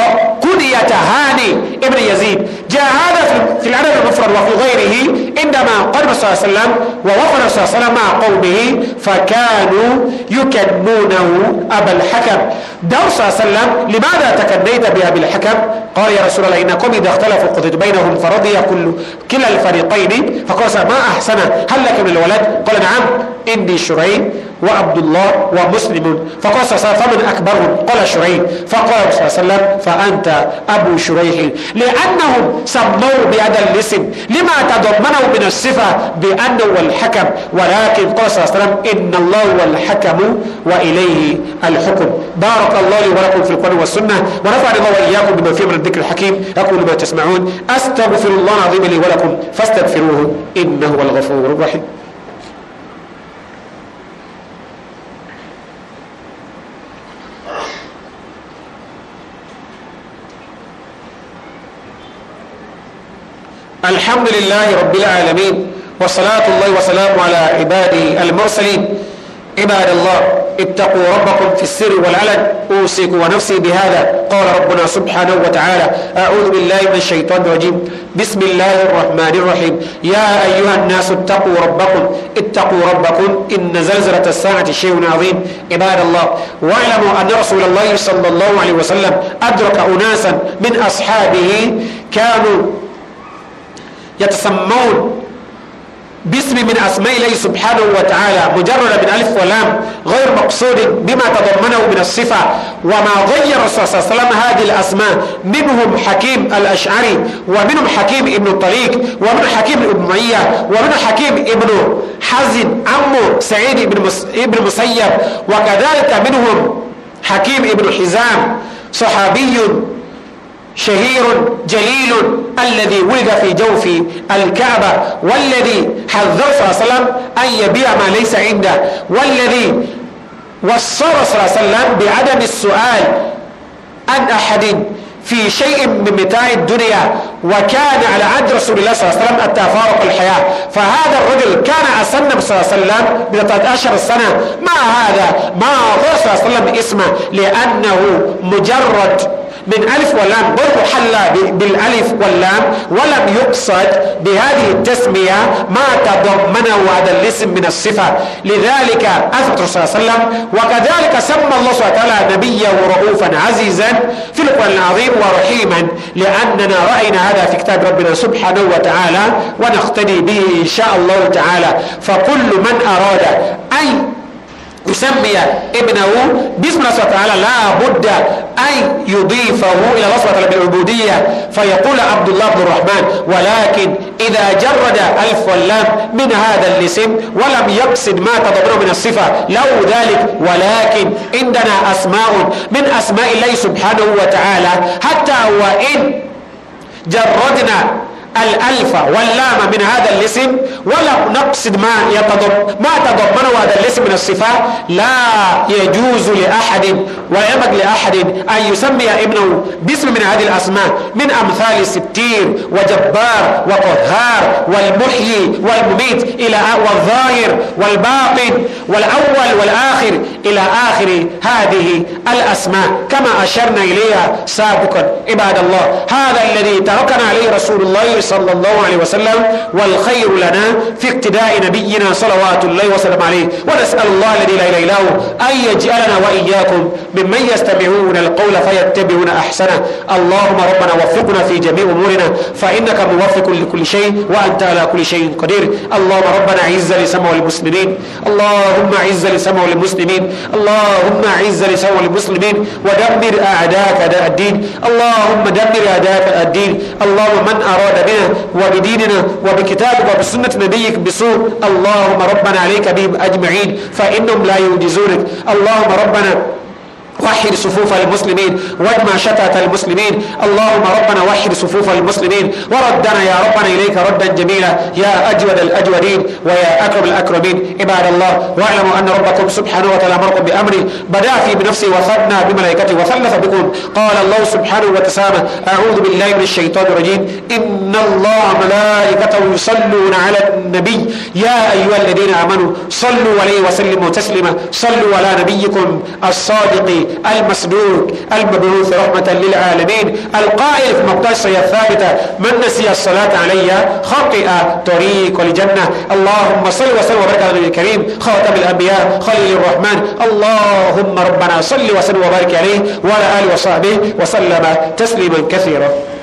كنية هاني ابن يزيد جاء هذا في العدد المفرد وفي غيره عندما قدم صلى الله عليه وسلم ووفد صلى الله عليه وسلم مع قومه فكانوا يكنونه أبا الحكم دعوا صلى الله عليه وسلم لماذا تكنيت بأبي الحكم قال يا رسول الله إنكم إذا اختلفوا قضيت بينهم فرضي كل كلا الفريقين فقال ما أحسن هل لك من الولد قال نعم إني شرعي وعبد الله ومسلم فقال صلى الله عليه وسلم فمن أكبرهم قال شريح فقال صلى الله عليه وسلم فأنت أبو شريح لأنهم سموه بهذا الاسم لما تضمنه من الصفة بأنه هو الحكم ولكن قال صلى الله عليه وسلم إن الله هو الحكم وإليه الحكم بارك الله لي ولكم في القرآن والسنة ونفعني الله وإياكم بما فيه من الذكر الحكيم أقول ما تسمعون أستغفر الله العظيم لي ولكم فاستغفروه إنه هو الغفور الرحيم الحمد لله رب العالمين وصلاة الله وسلام على عباده المرسلين عباد الله اتقوا ربكم في السر والعلن أوصيكم ونفسي بهذا قال ربنا سبحانه وتعالى أعوذ بالله من الشيطان الرجيم بسم الله الرحمن الرحيم يا أيها الناس اتقوا ربكم اتقوا ربكم إن زلزلة الساعة شيء عظيم عباد الله واعلموا أن رسول الله صلى الله عليه وسلم أدرك أناسا من أصحابه كانوا يتسمون باسم من أسماء الله سبحانه وتعالى مجرد من ألف ولام غير مقصود بما تضمنه من الصفة وما غير صلى الله عليه وسلم هذه الأسماء منهم حكيم الأشعري ومنهم حكيم ابن الطريق ومن حكيم ابن معية ومن حكيم ابن حزن عمه سعيد ابن مسيب وكذلك منهم حكيم ابن حزام صحابي شهير جليل الذي ولد في جوف الكعبة والذي حذر صلى الله عليه وسلم أن يبيع ما ليس عنده والذي وصر صلى الله عليه وسلم بعدم السؤال عن أحد في شيء من متاع الدنيا وكان على عهد رسول الله صلى الله عليه وسلم التفارق الحياة فهذا الرجل كان أسن صلى الله عليه وسلم بثلاثة أشهر السنة ما هذا ما أعطى صلى الله عليه وسلم اسمه لأنه مجرد من ألف واللام بل حل بالالف واللام ولم يقصد بهذه التسميه ما تضمنه هذا الاسم من الصفه لذلك اثبت صلى الله عليه وسلم وكذلك سمى الله سبحانه وتعالى نبيه رؤوفا عزيزا في القران العظيم ورحيما لاننا راينا هذا في كتاب ربنا سبحانه وتعالى ونقتدي به ان شاء الله تعالى فكل من اراد ان يسمي ابنه باسم الله سبحانه وتعالى لا بد أن يضيفه إلى الله سبحانه وتعالى بالعبودية فيقول عبد الله بن الرحمن ولكن إذا جرد ألف واللام من هذا الاسم ولم يقصد ما تضمنه من الصفة لو ذلك ولكن عندنا أسماء من أسماء الله سبحانه وتعالى حتى وإن جردنا الألف واللام من هذا الاسم ولا نقصد ما يتضم ما تضمنه هذا الاسم من الصفات لا يجوز لأحد ولا لأحد أن يسمي ابنه باسم من هذه الأسماء من أمثال الستير وجبار وقهار والمحيي والمميت إلى والظاهر والباطن والأول والآخر إلى آخر هذه الأسماء كما أشرنا إليها سابقا عباد الله هذا الذي تركنا عليه رسول الله صلى الله عليه وسلم والخير لنا في اقتداء نبينا صلوات الله وسلم عليه ونسأل الله الذي لا إله إلا هو أن يجعلنا وإياكم ممن يستمعون القول فيتبعون أحسنه اللهم ربنا وفقنا في جميع أمورنا فإنك موفق لكل شيء وأنت على كل شيء قدير اللهم ربنا عز لسمع المسلمين اللهم عز لسمع المسلمين اللهم عز لسمع المسلمين ودمر أعداءك أداء الدين اللهم دمر أعداءك الدين اللهم من أراد بنا وبديننا وبكتابك وبسنة نبيك بسوء اللهم ربنا عليك بهم أجمعين فإنهم لا يوجزونك اللهم ربنا وحر صفوف المسلمين واجمع شتات المسلمين اللهم ربنا وحر صفوف المسلمين وردنا يا ربنا إليك ردا جميلا يا أجود الأجودين ويا أكرم الأكرمين عباد الله واعلموا أن ربكم سبحانه وتعالى أمركم بأمره بدا في بنفسه وثنى بملائكته وثلث بكم قال الله سبحانه وتعالى أعوذ بالله من الشيطان الرجيم إن الله ملائكته يصلون على النبي يا أيها الذين آمنوا صلوا عليه وسلموا تسليما صلوا على نبيكم الصادق المسدوك المبعوث رحمة للعالمين القائل في مقطع الثابتة من نسي الصلاة علي خطئ طريق الجنة اللهم صل وسلم وبارك على النبي الكريم خاتم الأنبياء خليل الرحمن اللهم ربنا صل وسلم وبارك عليه وعلى آله وصحبه وسلم تسليما كثيرا